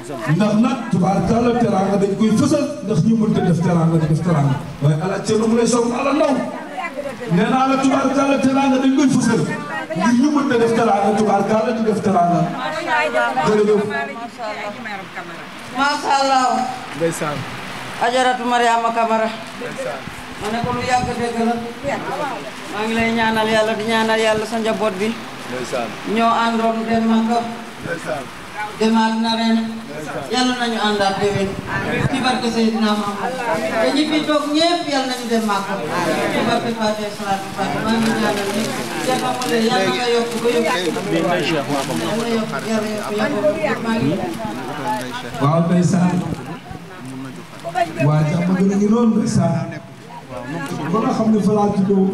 ndax nag tubaarkàlla teraanga dañ koy fësal ndax ñu mënta def teraanga di def teraanga waaye ala cër mu lay soog ala ndaw nee naa la tubaarkàlla teraanga dañ koy fësal ngir ñu mënta def teraanga tubaarkàlla di def teraanga jërëjëf. macha allah. ndeysaan. ma ne ko lu yàgg la maa ñaanal yàlla di sa njaboot bi. ñoo àndoon dem Màkka. demaat na ren yàlla nañu àndaat déwén ci barke Seydina Muhammad te ñi fi toog ñëpp yàlla nañu dem Màkka ci barke Fatia Salatou Fatia maa ngi ñaanal ñëpp Cheikh Amadou yàlla nga yokk ba yokk yàlla yokk yàlla yokk yokk maa ngi waaw ndeysaan waa jàmm gën a ngi noonu ndeysaan ba nga xam ne fa laa juddoo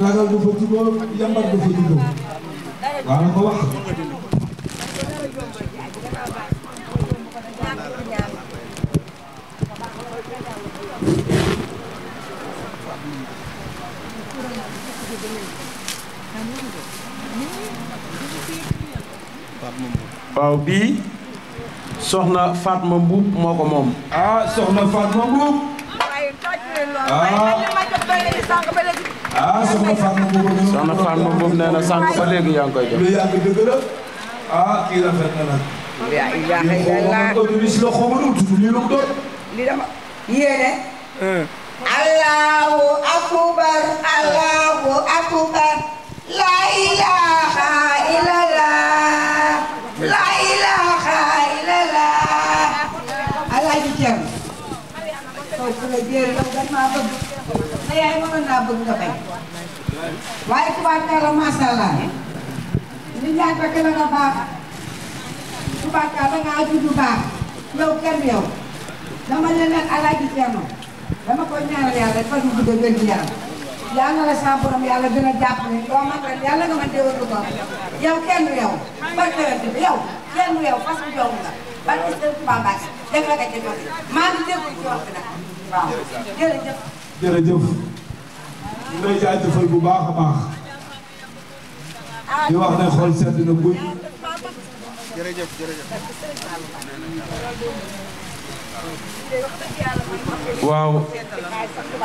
ragal du fa juddoo yambar du fa juddoo waa la ko wax waaw bii soxna Fatma Mbuub moo ko moom soxna Fatma Mbuub ah soxna Fatma Mbuub ah. ah, soxna Fatma Mbuub nee na sànq ba léegi yaa ngi koy jox ah, na nag yaa hmm. allahu akbar allahu akbar la maa bëgg na yaay mënoon naa bëgg nga bañ waaye tubaarkalla la nga baax tubaarkalla baax yow kenn yow dama ne nag alaaji Thierno dama koy ñaanal yàlla fan yu gudd gën di yaram yal la sa yàlla gën a jàppale loo yàlla nga mën déwén lu ko yow kenn yow ban déwén bi kenn yow fas bu jox nga ban est ce que Touba Mbacke def la ko ci joxe maa ngi déglu ci wax bi nag. waaw jërëjëf. jërëjëf. ñu lay jaajëfal bu baax a baax. di wax ne xol sedd na buy. jërëjëf waaw.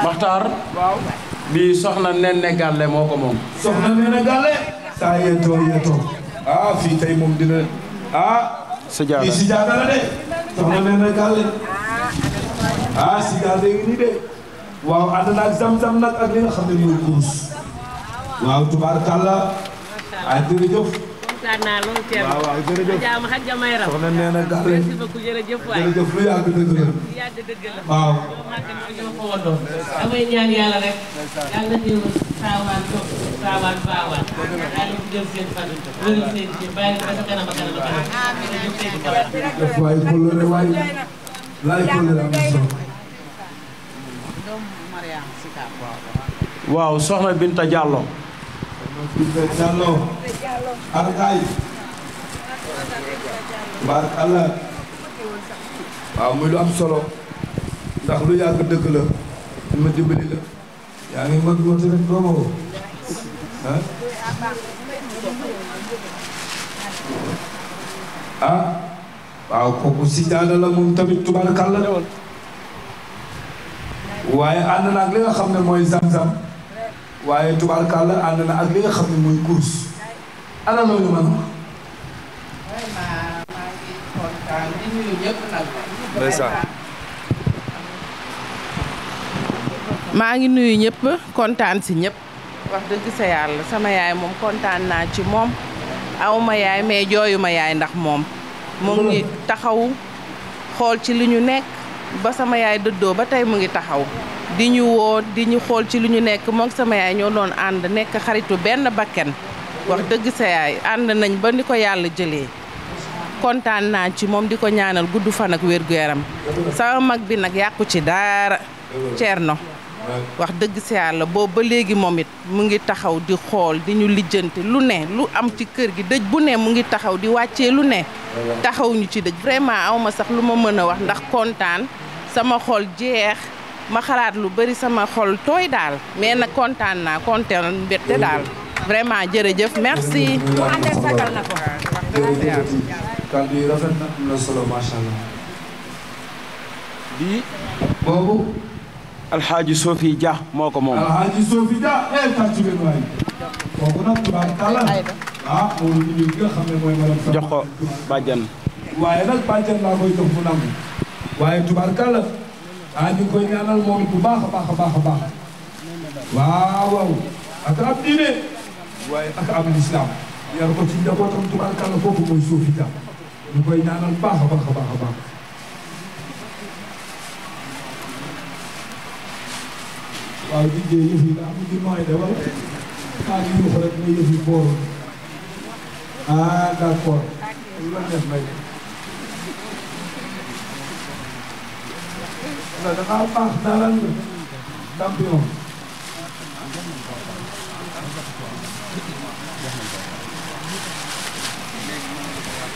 Maxtaar. waaw. bi soxna Nene Galle moo ko moom. soxna Nene Galle. saa yeetoo yeetoo. ah fii tey moom dina ah. si jaada kii si la de soxna Mbène rek àll ah si jaada yi nii de waaw ànd zam-zam nag ak li nga xam ne mooy guus waaw tubaarkàlla ah jërëjëf. kontaan naa soxna nee na daal merci beaucoup jërëjëf waay soxna Binta Diallo. Binta Diallo Alkay barkalla waaw muy lu am solo ndax lu yàgg dëkk la ma dimbali la yaa ngi mag moo tamit doo ma ko ah waaw kooku si daana la moom tamit waaye ànd naag li nga xam ne mooy zam-zam waaye tubaarkàlla ànd na ak li xam ne muy course ana maa ngi nuyu ñëpp kontaan si ñëpp wax dëgg yàlla sama yaay moom kontaan naa ci moom awma yaay mais jooyu yaay ndax moom mu ngi taxaw xool ci li ñu nekk ba sama yaay dëddoo ba tey mu ngi taxaw di ñu woo di ñu xool ci lu ñu nekk moog sama yaay ñoo doon ànd nekk xaritu benn bakken wax dëgg sa yaay ànd nañ ba ni ko yàlla jëlee kontaan naa ci moom di ko ñaanal gudd fan ak wér gu yaram sama mag bi nag yàqu ci daara dara Thierno wax dëgg si yàlla boobu ba léegi moom it mu ngi taxaw di xool di ñu lijjanti lu ne lu am ci kër gi dëj bu ne mu ngi taxaw di wàccee lu ne taxawuñu ci dëj vraiment awma sax lu ma mën a wax ndax kontaan sama xol jeex ma xalaat lu bëri sama xol tooy daal mais nag kontaan naa kontaan mbette daal vraiment jërëjëf merci. mu àndal sagal na ko. jërëjëf allah. lii. boobu. Alxaaji Sofi Dia moo ko moom. Alxaaji Sofi eh, ah, waaye nag bàjjan laa koy jox mu nangu. waaye tubaarkàlla. ah ñu ngi koy ñaanal moom bu baax a baax a baax a baax waaw waaw ak am diine waaye ak am lislaam yar ko ci njabootam tubaarkàlla foofu mooy suufi tam ñu koy ñaanal baax a baax baax baax waaw liggéey yëf yi daa mujj nooy de wala maa ngi yuux rek ne yëf yi booroon ah d'accord ndax da ngaa baax daanaka champion.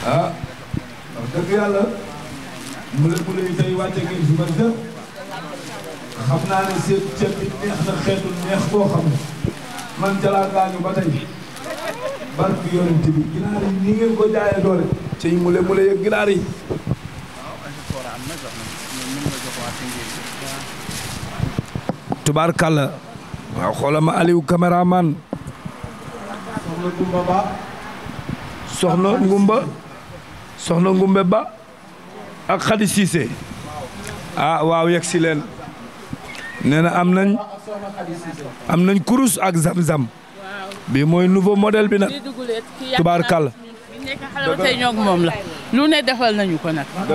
ah wax dëgg yàlla mu ne mu tey wàcce ngeen fi ba xam naa ne seen ceeb bi neex na xeetu neex boo xam man jalaa gaañu ba tey barki yonent bi ginaar yi nii ngeen ko jaayee doole. ci mu ne mu ne ginaar yi. tubaar waaw xoola ma Aliou caméraman soxna Ngumba Ba soxna Ngumba Ba ak Khady Cissé ah waaw yegg si leen nee na am nañ am nañ kurus ak zam-zam bi mooy nouveau model bi nag tubaarkàlla dëgg la tey ñoo moom la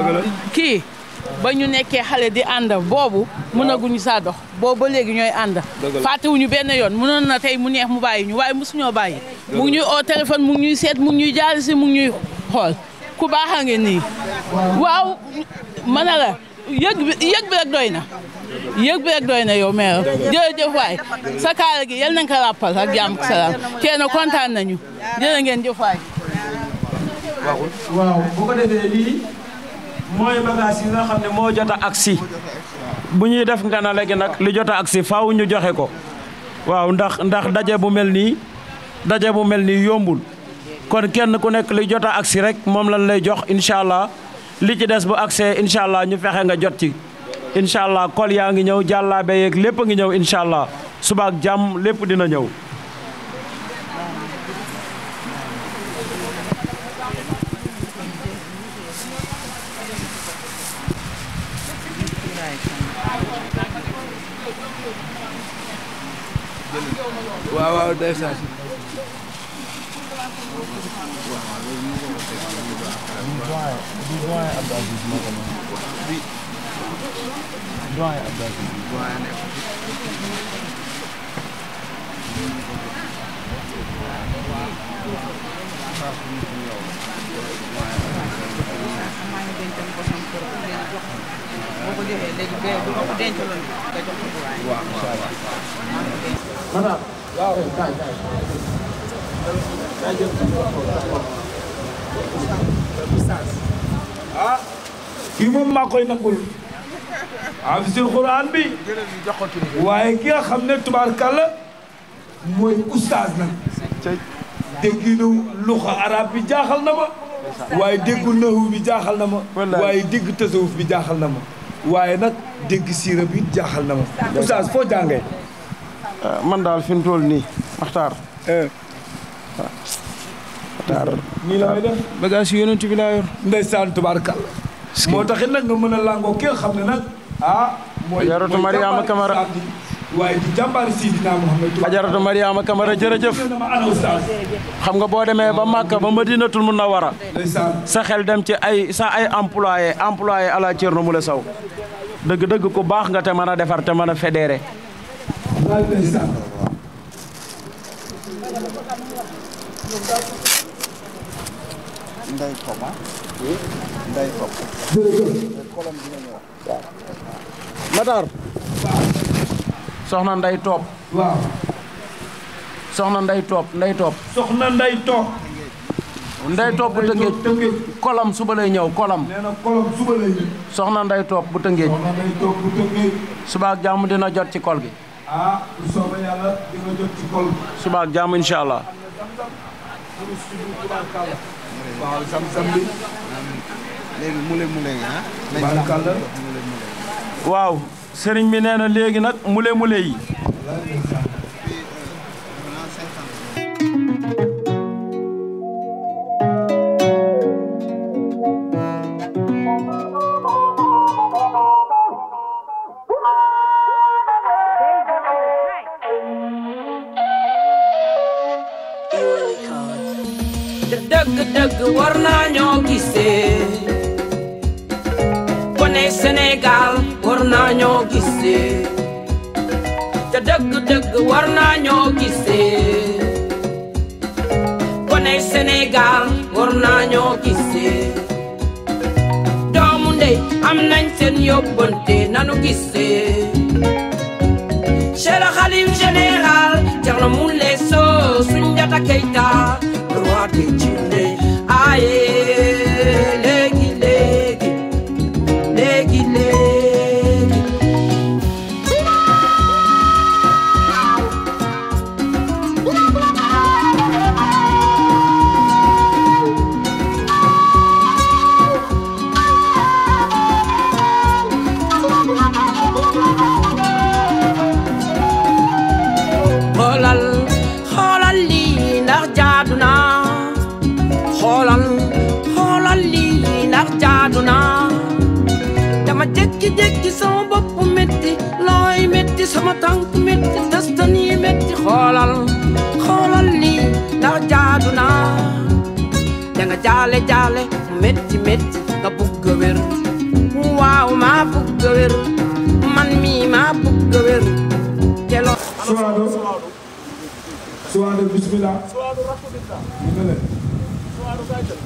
kii ba ñu nekkee xale di ànd boobu mënaguñu saa dox boobu ba léegi ñooy ànd fàttewuñu benn yoon mënoon na tey mu neex mu bàyyi ñu waaye mosuñoo bàyyi mu ngi ñuy o téléphone mu ñuy seet mu ñuy jaari si mu ngi ñuy xool ku baax a ngi nii waaw mën la yëg bi yëg doy na yëg bi rek doy na yow maire jërëjëf waay sa kaala gi yal na nga ko ràppal ak jàmm ak salaam kenn kontaan nañu jërë ngeen jëf mooy bagage yi nga xam ne moo jot a agsi bu ñuy def nganale gi nag li jot a agsi faaw ñu joxe ko waaw ndax ndax daje bu mel nii daje bu mel nii yombul kon kenn ku nekk li jot a agsi rek moom lañ lay jox incha allah li ci des bu agsee incha allah ñu fexe nga jot ci incha allah kol yaa ngi ñëw jàllaabe yeeg lépp a ngi ñëw incha allah subaak jàmm lépp dina ñëw waaw waaw ndeysaan Madame waaw kay kay ah kii maa koy nangul afisul ah, quran bi waaye ki nga xam ne tubaarkàlla mooy oustaz nag dégginu luxa arab bi jaaxal na ma waaye déggu nahu bi jaaxal na ma waaye dégg tasawuf bi jaaxal na ma waaye nag dégg siira bi jaaxal na ma oustaz foo jàngee Euh, man daal fi mu toll nii Maxtaar. waaw. Eh. nii la may def. bagage yi yonent bi laa yor. taxit nag nga mën a làngoo kii xam ne nag ah. mooy Ajaratu Mariama Kamara waaye di jàmbaari Sidina Muhammad Kamara jërëjëf xam nga boo demee ba Màkka ba Madinatul Munawara sa xel dem ci ay sa ay employé employé ala Thierno Moule saw dëgg-dëgg ku baax nga te mën a defar te mën a fédéré maa soxna Ndeye Top. soxna Ndeye Top Ndeye Top. soxna Ndeye Top. Ndeye Top bu Tëngéej. kolam suba bu Tëngéej. soxna Ndeye Top dina jot ci kol gi. ah bu soobee yàlla di nga jot ah. waaw sëriñ bi nee na léegi nag mule mule yi. dëgg-dëgg war naa ñoo gisee kone Sénégal war naa ñoo gisee te dëgg-dëgg war naa ñoo gisee kone doomu ndey am nañ seen yóbbante nanu gisee Cheikh la xalif général Thierno Moule Sow Soundiata Keita. What did jaale jaale mu metti metti nga bugg a wér waaw maa bugg a wér man mii maa bugg a wér te loolu suwaado suwaado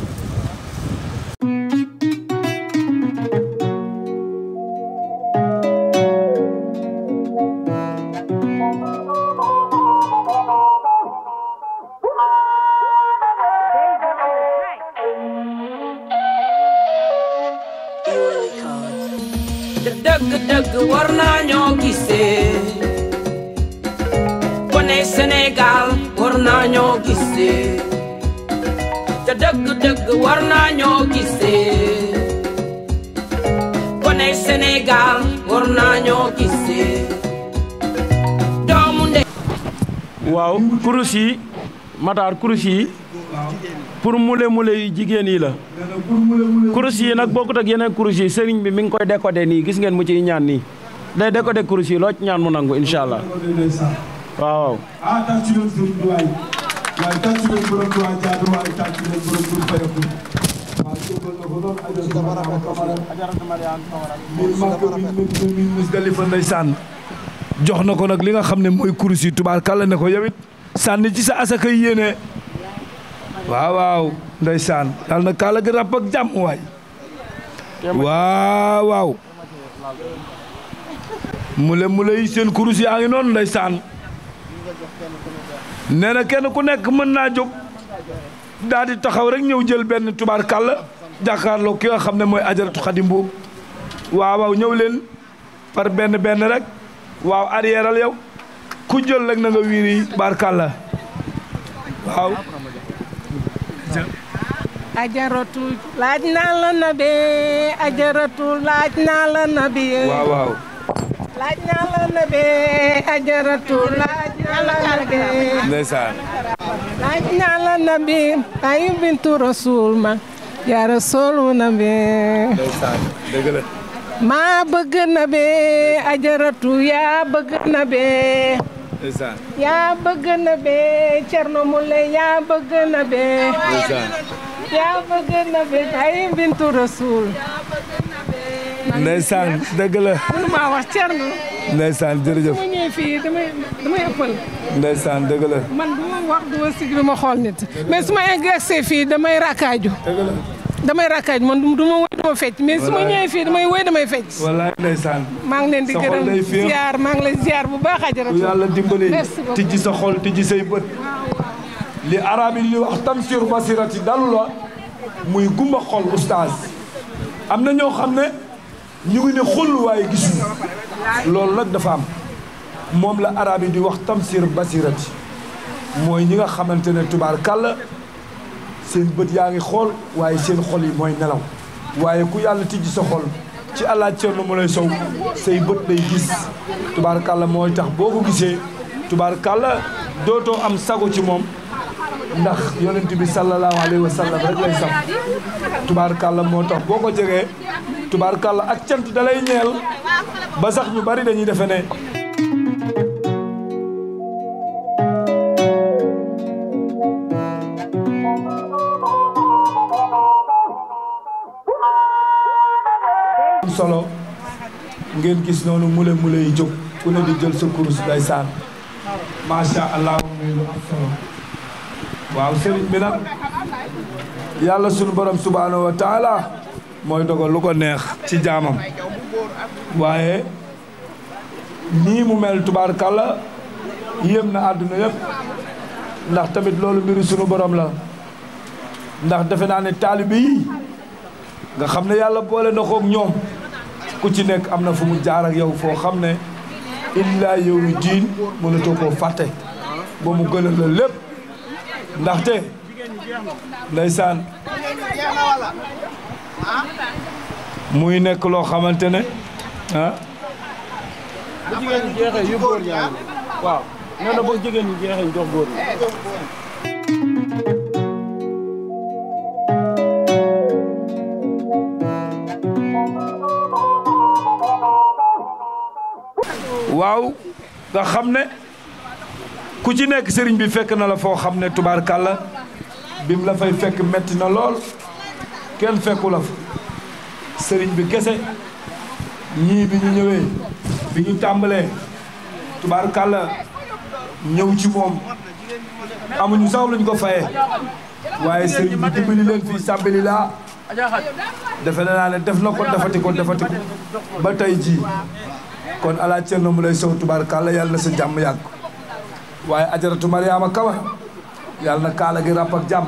kurus yi mataar kurus yi pour mule mule yu jigéen yi la kurus yi nag boo ak yeneen kurus yi sëriñ bi mi ngi koy décoder nii gis ngeen mu ciy ñaan nii day décoder kurus yi loo ñaan mu nangu insha allah waaw na ko jox na ko nag li nga xam ne mooy kurus yi tubaarkàlla ne ko yow sànni ci sa asaka yéene waaw waaw ndeysaan yal na kaala gi ràpp ak jàmm waawaaw waaw waaw mule mule yi seen kurus yaa ngi noonu ndeysaan nee na kenn ku nekk mën naa jóg daal taxaw rek ñëw jël benn tubaar kàlla jàkkaarloo ki nga xam ne mooy ajaratu xadim boobu waaw ñëw leen par benn benn rek waaw arrièreal yow ku jël rek na nga wiiri barkalla waaw ajaratu laaj naa la nabi ajaratu laaj naa laaj naa la nabi ajaratu laaj naa laaj naa la nabi ay bintu rasul ma yaa rasulu nabi ndeysaan dëgg maa bëgg nabi ajaratu yaa bëgg nabi yaa bëgg na bee Thierno Moule yaa bëgg na bee. yaa bëgg na bee ay Bintu Rasul. ndeysaan dëgg la. mënu maa wax Thierno. ndeysaan jërëjëf bu ma ñëwee fii damay damay ëppal. ndeysaan dëgg la. man du ma wax du ma sigg du ma xool nit mais ma eggee fii damay rakkaaju. dëgg la. damay rakkaaj man du ma woy du ma fecc mais su ma ñëwee fii damay woy damay fecc maa ngi leen di gërëm ziar maa ngi lay ziar bu baax ajaratu yàlla dimbali tijji sa xol tijji say bët li arabi li wax tamsir basirati dalu la muy gumba xol oustaz am na ñoo xam ne ñu ngi ne xul waaye gisuñu loolu nag dafa am moom la yi di wax tamsir basirati mooy ñi nga xamante ne tubaar kàll seen bët yaa ngi xool waaye seen xol yi mooy nelaw waaye ku yàlla tijji sa xol ci àllaa Ceerno mu lay sow say bët lay gis kàlla mooy tax boo ko gisee tubaar tubaarkàlla dootoo am sago ci moom ndax yonent bi sallallahu alayhi wa sallam rek lay saf kàlla moo tax boo ko jegee kàlla ak cent dalay ñeel ba sax ñu bari dañuy defe ne solo ngeen gis noonu mule mule yi jóg ku ne di jël sa kurus saan macha allah muy lu yàlla sunu borom subhaanahu wa taala mooy dogal lu ko neex ci jaamam waaye nii mu mel tubaarkàlla yéem na àdduna yëpp ndax tamit loolu mbiru sunu borom la ndax defe naa ne taalibe yi nga xam ne yàlla boole na koog ñoom ku ci nekk am na fu mu jaar ak yow foo xam ne illaa yow mi diin mënatoo koo fàtte ba mu gënal la lépp ndaxte ndeysaan muy nekk loo xamante ne ah bu jigéen ñi jeexee yu góor waaw nee na bu jigéen ñi jeexee jox ñi waaw nga xam ne ku ci nekk sëriñ bi fekk na la foo xam ne bi mu la fa fekk metti na lool kenn fekku la sëriñ bi kese ñii bi ñu ñëwee bi ñu tàmbalee tubaarkàlla ñëw ci moom amuñu sax luñ ko faye waaye sëriñ bi dimbali leen fii sàmbali laa defe naa ne def na ko defati ko defati ko ba tey jii kon alaa Cerno mu lay sow tubaarkàlla yàlla na sa jàmm yàgg waaye ajaratu Mariama Kawa yàlla na kaala gi ràpp ak jàmm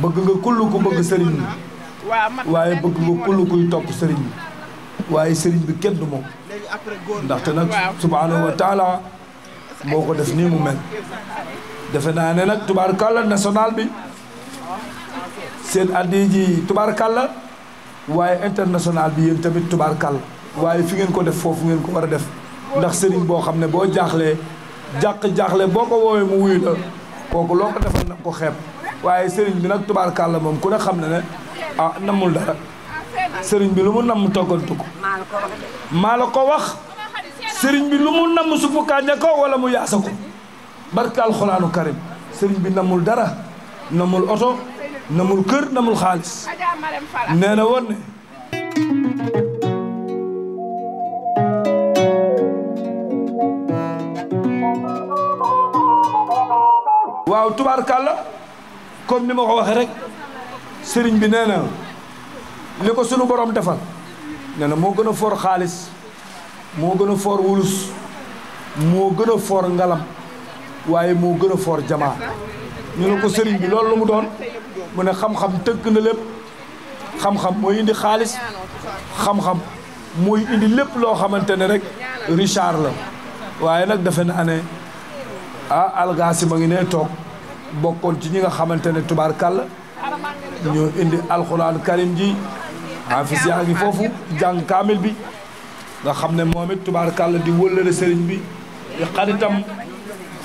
bëgg nga kullu ku bëgg sëriñ bi waaye bëgg nga kullu kuy topp sëriñ bi waaye sëriñ bi kenn du moom ndaxte nag subhaanahu wa moo ko def nii mu mel defe naa ne nag tubaarkàlla national bi seen addi ji tubaarkàlla waaye international bi yéen tamit tubaarkàlla waaye fi ngeen ko def foofu ngeen ko war a def ndax sëriñ boo xam ne boo jaaxlee jàq jaaxle boo ko woowee mu wuyu la kooku loo ko defal nag ko xeeb waaye sëriñ bi nag tubaarkàlla moom ku xam ne ne ah, namul dara bi lu mu namm toggantu ko wax sëriñ bi lu mu namm suppu kànja ko wala mu yaasa ko barke alxuraanu karim sëriñ bi namul dara namul oto namul kër namul xaalis nee woon ne waaw tubaarkàlla kon ni ma ko waxee rek sëriñ bi nee na li ko sunu borom defal nee na moo gën a foor xaalis moo gën a foor wulus moo gën a foor ngalam waaye moo gën a foor jamaa ñu ne ko sëriñ bi loolu lu mu doon mu ne xam-xam tënk na lépp xam-xam mooy indi xaalis xam-xam mooy indi lépp loo xamante ne rek Richard la waaye nag defe naa ne ah algaasi ma ngi ne toog bokkoon ci ñi nga xamante ne tubaar tubaarkàll ñoo indi alxuraan karim ji a yaa ngi foofu jàng kaamil bi nga xam ne moom it tubaarkàll di wëllëre sëriñ bi di xaritam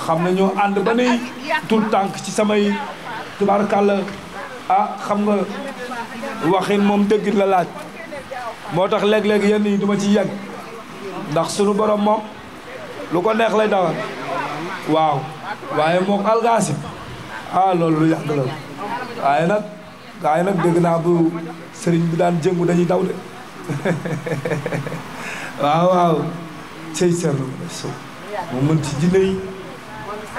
xam ne ñoo ànd ba nuy tout tànk ci samay tubaar tubaarkàll a ah xam nga waxin moom dëggit la laaj moo tax leg léeg yenn yi duma ci yegg ndax sunu borom moom lu ko neex lay dawal waaw waaye mook algaasim ah loolu lu yàgg la waaye nag gaa dégg naa bu sëriñ bi daan jëngu dañuy daw de *laughs* waaw waaw cey Cerno so mu mën ci jinne yi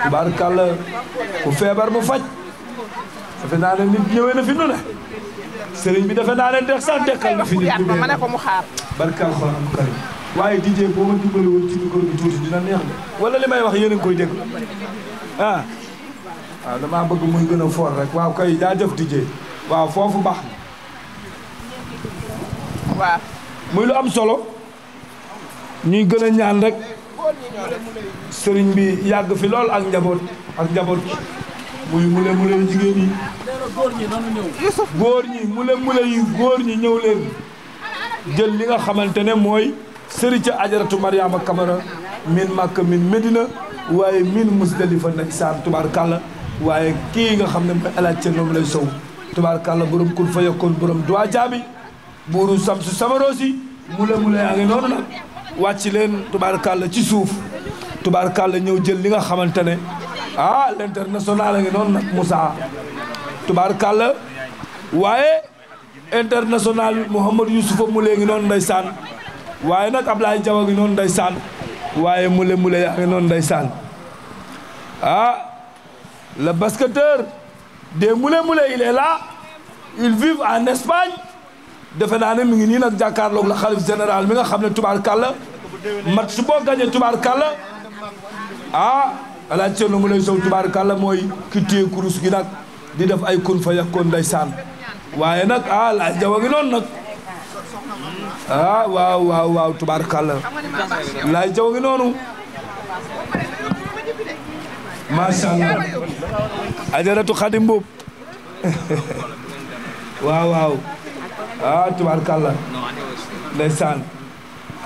tubaarkàlla ku feebar mu faj naa ne nit ñëwee na fi nu sëriñ bi defe naa ne dex sax dekkal na fi nit ñëwee ma ne ko mu xaar barkal xol am karim waaye DJ boo ma dimbali woon ci micro bi tuuti dina neex de wala li may wax yéen koy dégg ah waaw damaa bëgg muy gën a fort rek waaw kay jaajëf DJ waaw foofu baax na muy lu am solo ñuy gën a ñaan rek sëriñ bi yàgg fi lool ak njaboot ak njaboot muy mule mule yu jigéen yi góor ñi mule mule yu góor ñi ñëw leen jël li nga xamante ne mooy sëri ca ajaratu Mariama Kamara min Makka min Medina waaye min Musdalifa nag saan tubaarkàlla waaye kii nga xam ne mooy El lay Thierno Moule Sow tubaarkàlla borom kun fa yokkoon borom duwaa jaabi buuru samsu samaroosi mule mule yaa ngi noonu nag wàcc leen tubaarkàlla ci suuf tubaarkàlla ñëw jël li nga xamante ne ah l'international a ngi noonu nag Moussa tubaarkàlla waaye international Mouhamad Youssoufa mule ngi noonu ndeysaan waaye nag ab Ablaye Diaw a ngi noonu ndeysaan waaye mule mule yaa ngi noonu ndeysaan ah Le basketteur des Moulé Moulé il est là ils vivent en Espagne defe naa ne mi ngi nii nag jàkkaarloog la xalif général mi nga xam ne tubaarkàlla match boo gagné tubaarkàlla ah alaaj Thierno Moulé Sow tubaarkàlla mooy ki téye kurus gi nag di def ay kun fa yakkoon ndeysaan waaye nag ah laaj jawa ngi noonu nag ah waaw waaw waaw tubaarkàlla laaj jawa ngi noonu macha allah. ajaratu xadim boobu. waaw waaw. ah tubaarkàlla. ndeysaan.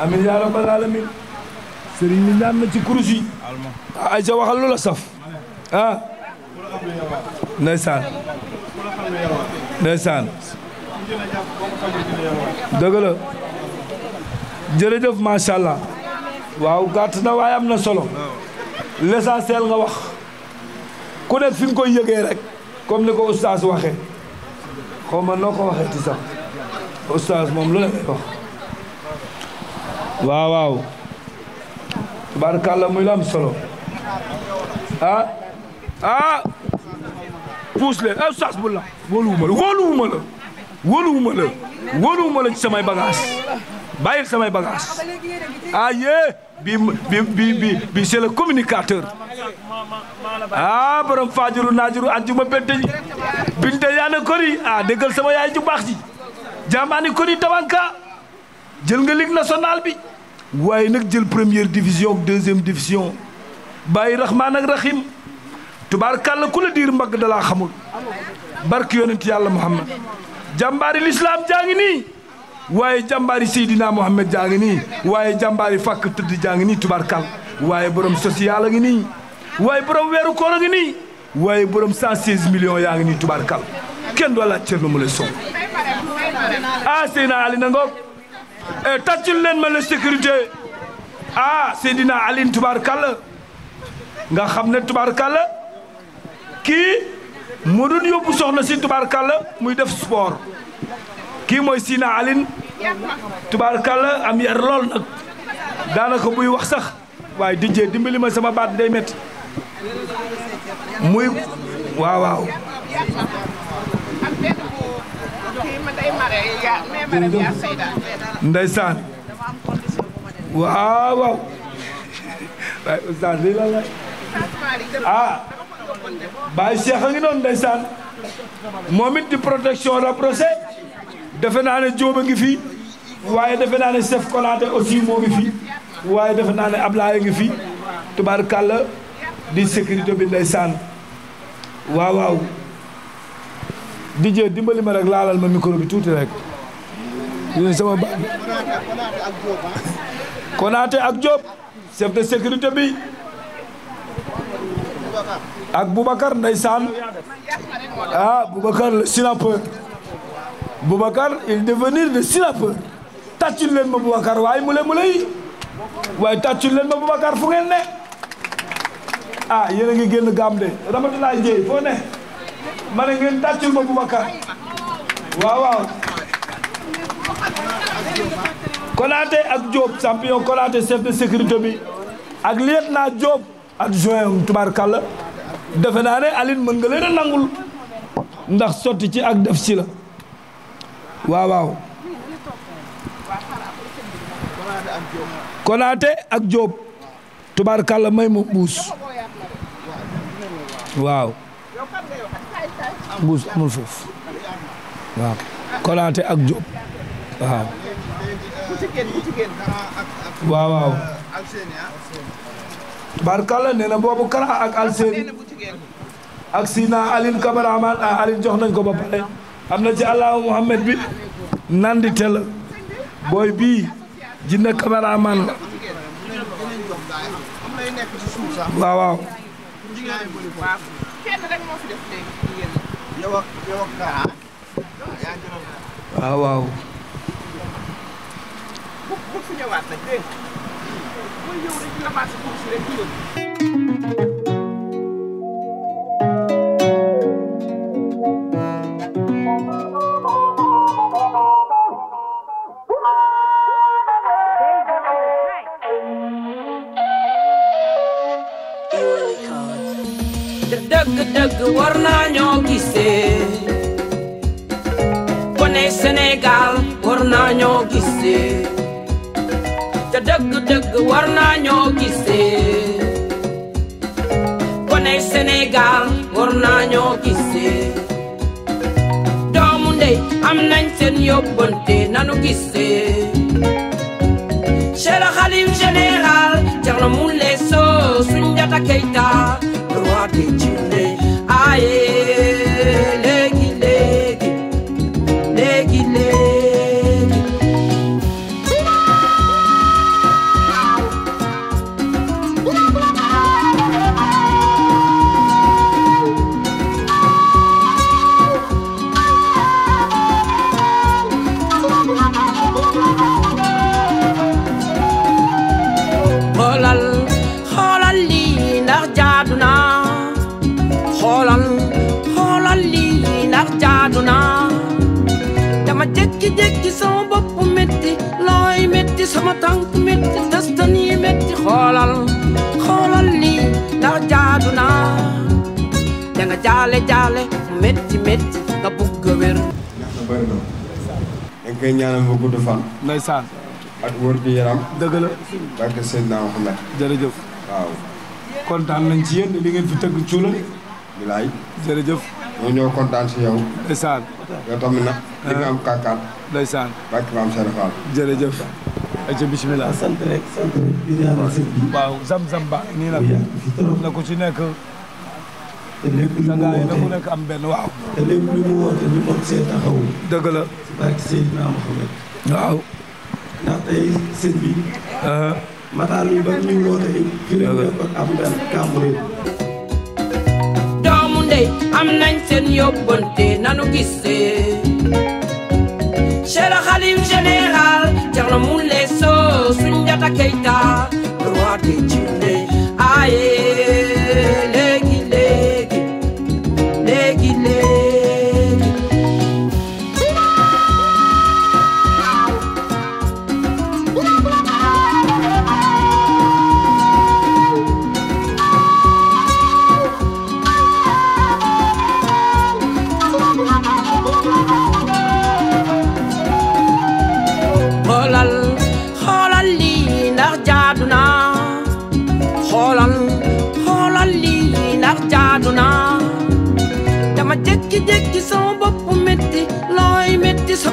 amiin yaa rabbal alamin. sëriñ bi naan na ci kurus yi. ah Aïcha waxal lu la saf. ah. ndeysaan. ndeysaan. dëgg la. jërëjëf macha waaw gàtt na waaye na solo. l'essentiel nga wax. ku ne fi nga koy yëgee rek comme ni ko oustaz waxee xaw ma noo ko waxee ti sax oustaz moom lu ne lay wax waaw waaw tubaarkàlla muy la am solo ah ah puus leen ah oustaz bu la wóoluwuma la wóoluwuma la wóoluwuma la wóoluwuma la ci samay bagage bàyyil samay bagage ah yee bi bi bi bi c'est le communicateur ah borom faajuru naajuru ajjuma beddeñ binte yaana kori a ah, déggal sama yaay ju baax ji jaamaani kori tawanka jël nga ligue nationale bi waaye nag jël première division ak deuxième division bàyyi rahmaan ak rahim tubaar kàlla ku la diir mbagg xamul barki yonent yàlla muhammad jàmbaari lislaam jaa ngi nii waaye jàmbaari Seydina Mohamed jaa ngi nii waaye jàmbaari fàkk tëdd jaa ngi nii tubaarkal waaye borom social a ngi nii waaye borom weeru koor a ngi nii waaye borom 116 millions yaa ngi nii tubaarkal kenn doo laaj Thierno Moule Sow ah Seydina Ali na ngoog eh, ma sécurité ah Seydina Ali tubaarkal nga xam ne tubaarkal kii moo doon yóbbu soxna si tubaarkal muy def sport kii mooy Sina Aline tubaarkàlla am yar lool nag daanaka buy wax sax waaye dijjee dimbali ma sama baat day métti muy waaw waaw. ndeysaan waaw waaw waaye oustaz lii lan la ah Baye Cheikh a ngi noonu ndeysaan defe naa ne Jóob ngi fi waaye defe naa ne Chef Konaté moo ngi fi waaye defe naa ne Ablaye ngi fi tubaar tubaarkàlla di sécurité bi ndeysaan waaw waaw DJ dimbali ma rek laalal ma micro bi tuuti rek yéen *laughs* ak Diop chef de sécurité bi ak Boubacar ndeysaan ah Boubacar le Boubacar il devenir de sinapeur tàccul leen ma Boubacar waaye mu le mu lay waaye tàccul leen ma Boubacar fu ngeen ne ah yéen a ngi génn gaam de Ramatoulaye Dieye foo ne ma ne ngeen ma Boubacar waaw waaw ak Diop champion Konaté chef de sécurité bi ak lieutenant joob ak adjoint tubaarkàlla defe naa ne Aline mën nga leen a ndax sotti ci ak def ci waaw waaw konaate ak jóob tubaarkàlla may mu mbuus waaw mbuus amul foofu waaw konaate ak jóob waaw waaw waaw tubaarkàlla nee boobu kara ak alseeni ak sina alin cameraman a ah, alin jox nañ ko ba pare am na ci allahu muhammad bi nandite la booy bii jinne cameraman la waaw te dëgg-dëgg war ñoo gisee kone Sénégal war ñoo gisee te dëgg-dëgg war ñoo gisee kone Sénégal war ñoo gisee am nañ seen yóbbante nanu gisee chez le xalif général Thierno Moule Sow Soundiata Keita roi des Djinné aye sama tànk métti des tan yi métti ak wër bi yaram. dëgg la. barke Seydina Mohamed. jërëjëf. waaw. kontaan nañ ci yéen li ngeen fi tëgg cuula. bilaay. ñoo ñoo kontaan si yow. ndeysaan. yow tamit nag. li nga am kàkkaat. ndeysaan. barke maam Serapha. jërëjëf. ayca bisimilah sant rek sant rek waaw zam-zam ba nii la na ci nekk te lépp lu mu nekk am benn waaw te waaw ndax tey sëñ bi mi ba ñuy woote fi la nekkoon am benn Cambérène doomu ndey am nañ seen yóbbante nanu gisee Cheikh Khalif général Thierno Moule so Sunjata Keita roi des Djilé aye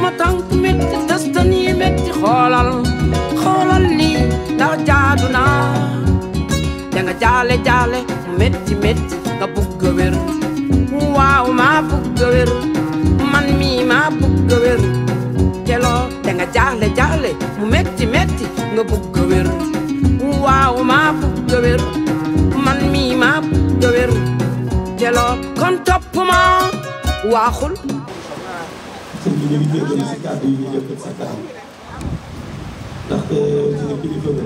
sama tànk métti des tan yi xoolal xoolal lii ndax danga jaale jaale métti métti nga bugg a wér waaw maa bugg a wér man mii maa bugg a wér danga jaale jaale mu métti métti nga bugg a wér waaw maa bugg a man mii maa bugg a wér kon topp ma waaxul ñu ngi jégalu si kàddu yi ñu yëkkat si kanam ndaxte ci la kilifa la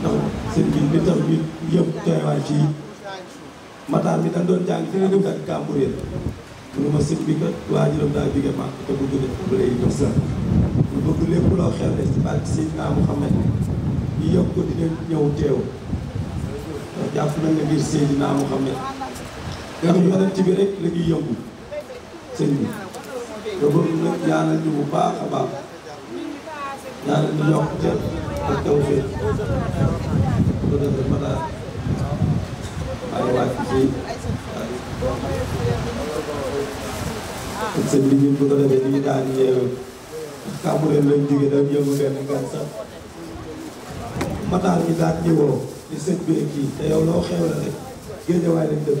ndax sëñ bi li tax ñu yëpp teewaay ci mataar bi dañ doon jàng ci réew ak Kambouren mu ma sëñ bi kat waajuram daa jóge màkk te bu jóge bu lay dox sax ñu bëgg lépp loo xew ne si barke ko dinañ ñëw teew ndax jàpp nañ ngir Seydina Mouhamed nga xam yonent bi rek la ñuy yëngu sëñ te bu nag ñu bu baax a baax ñaanal ñu yokkute ak tawfeex bu defee mën ko defee ñu mataal gi daan ñëwoo di sëñ bi kii te yow loo xew la rek génne lañ def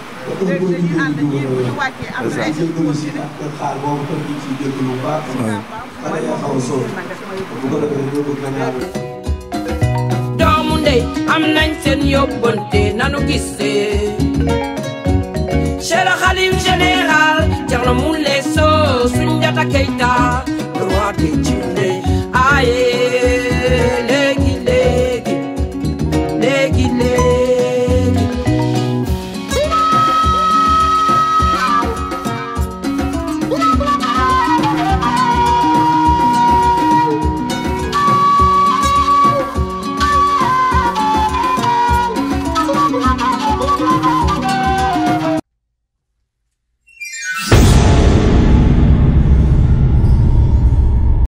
léegi dañuy ànd ñii bu ñu wàccee am na ay si góor si ne. xaal boobu tam ñu ciy jënd lu baax. waaw waaw bu ko defee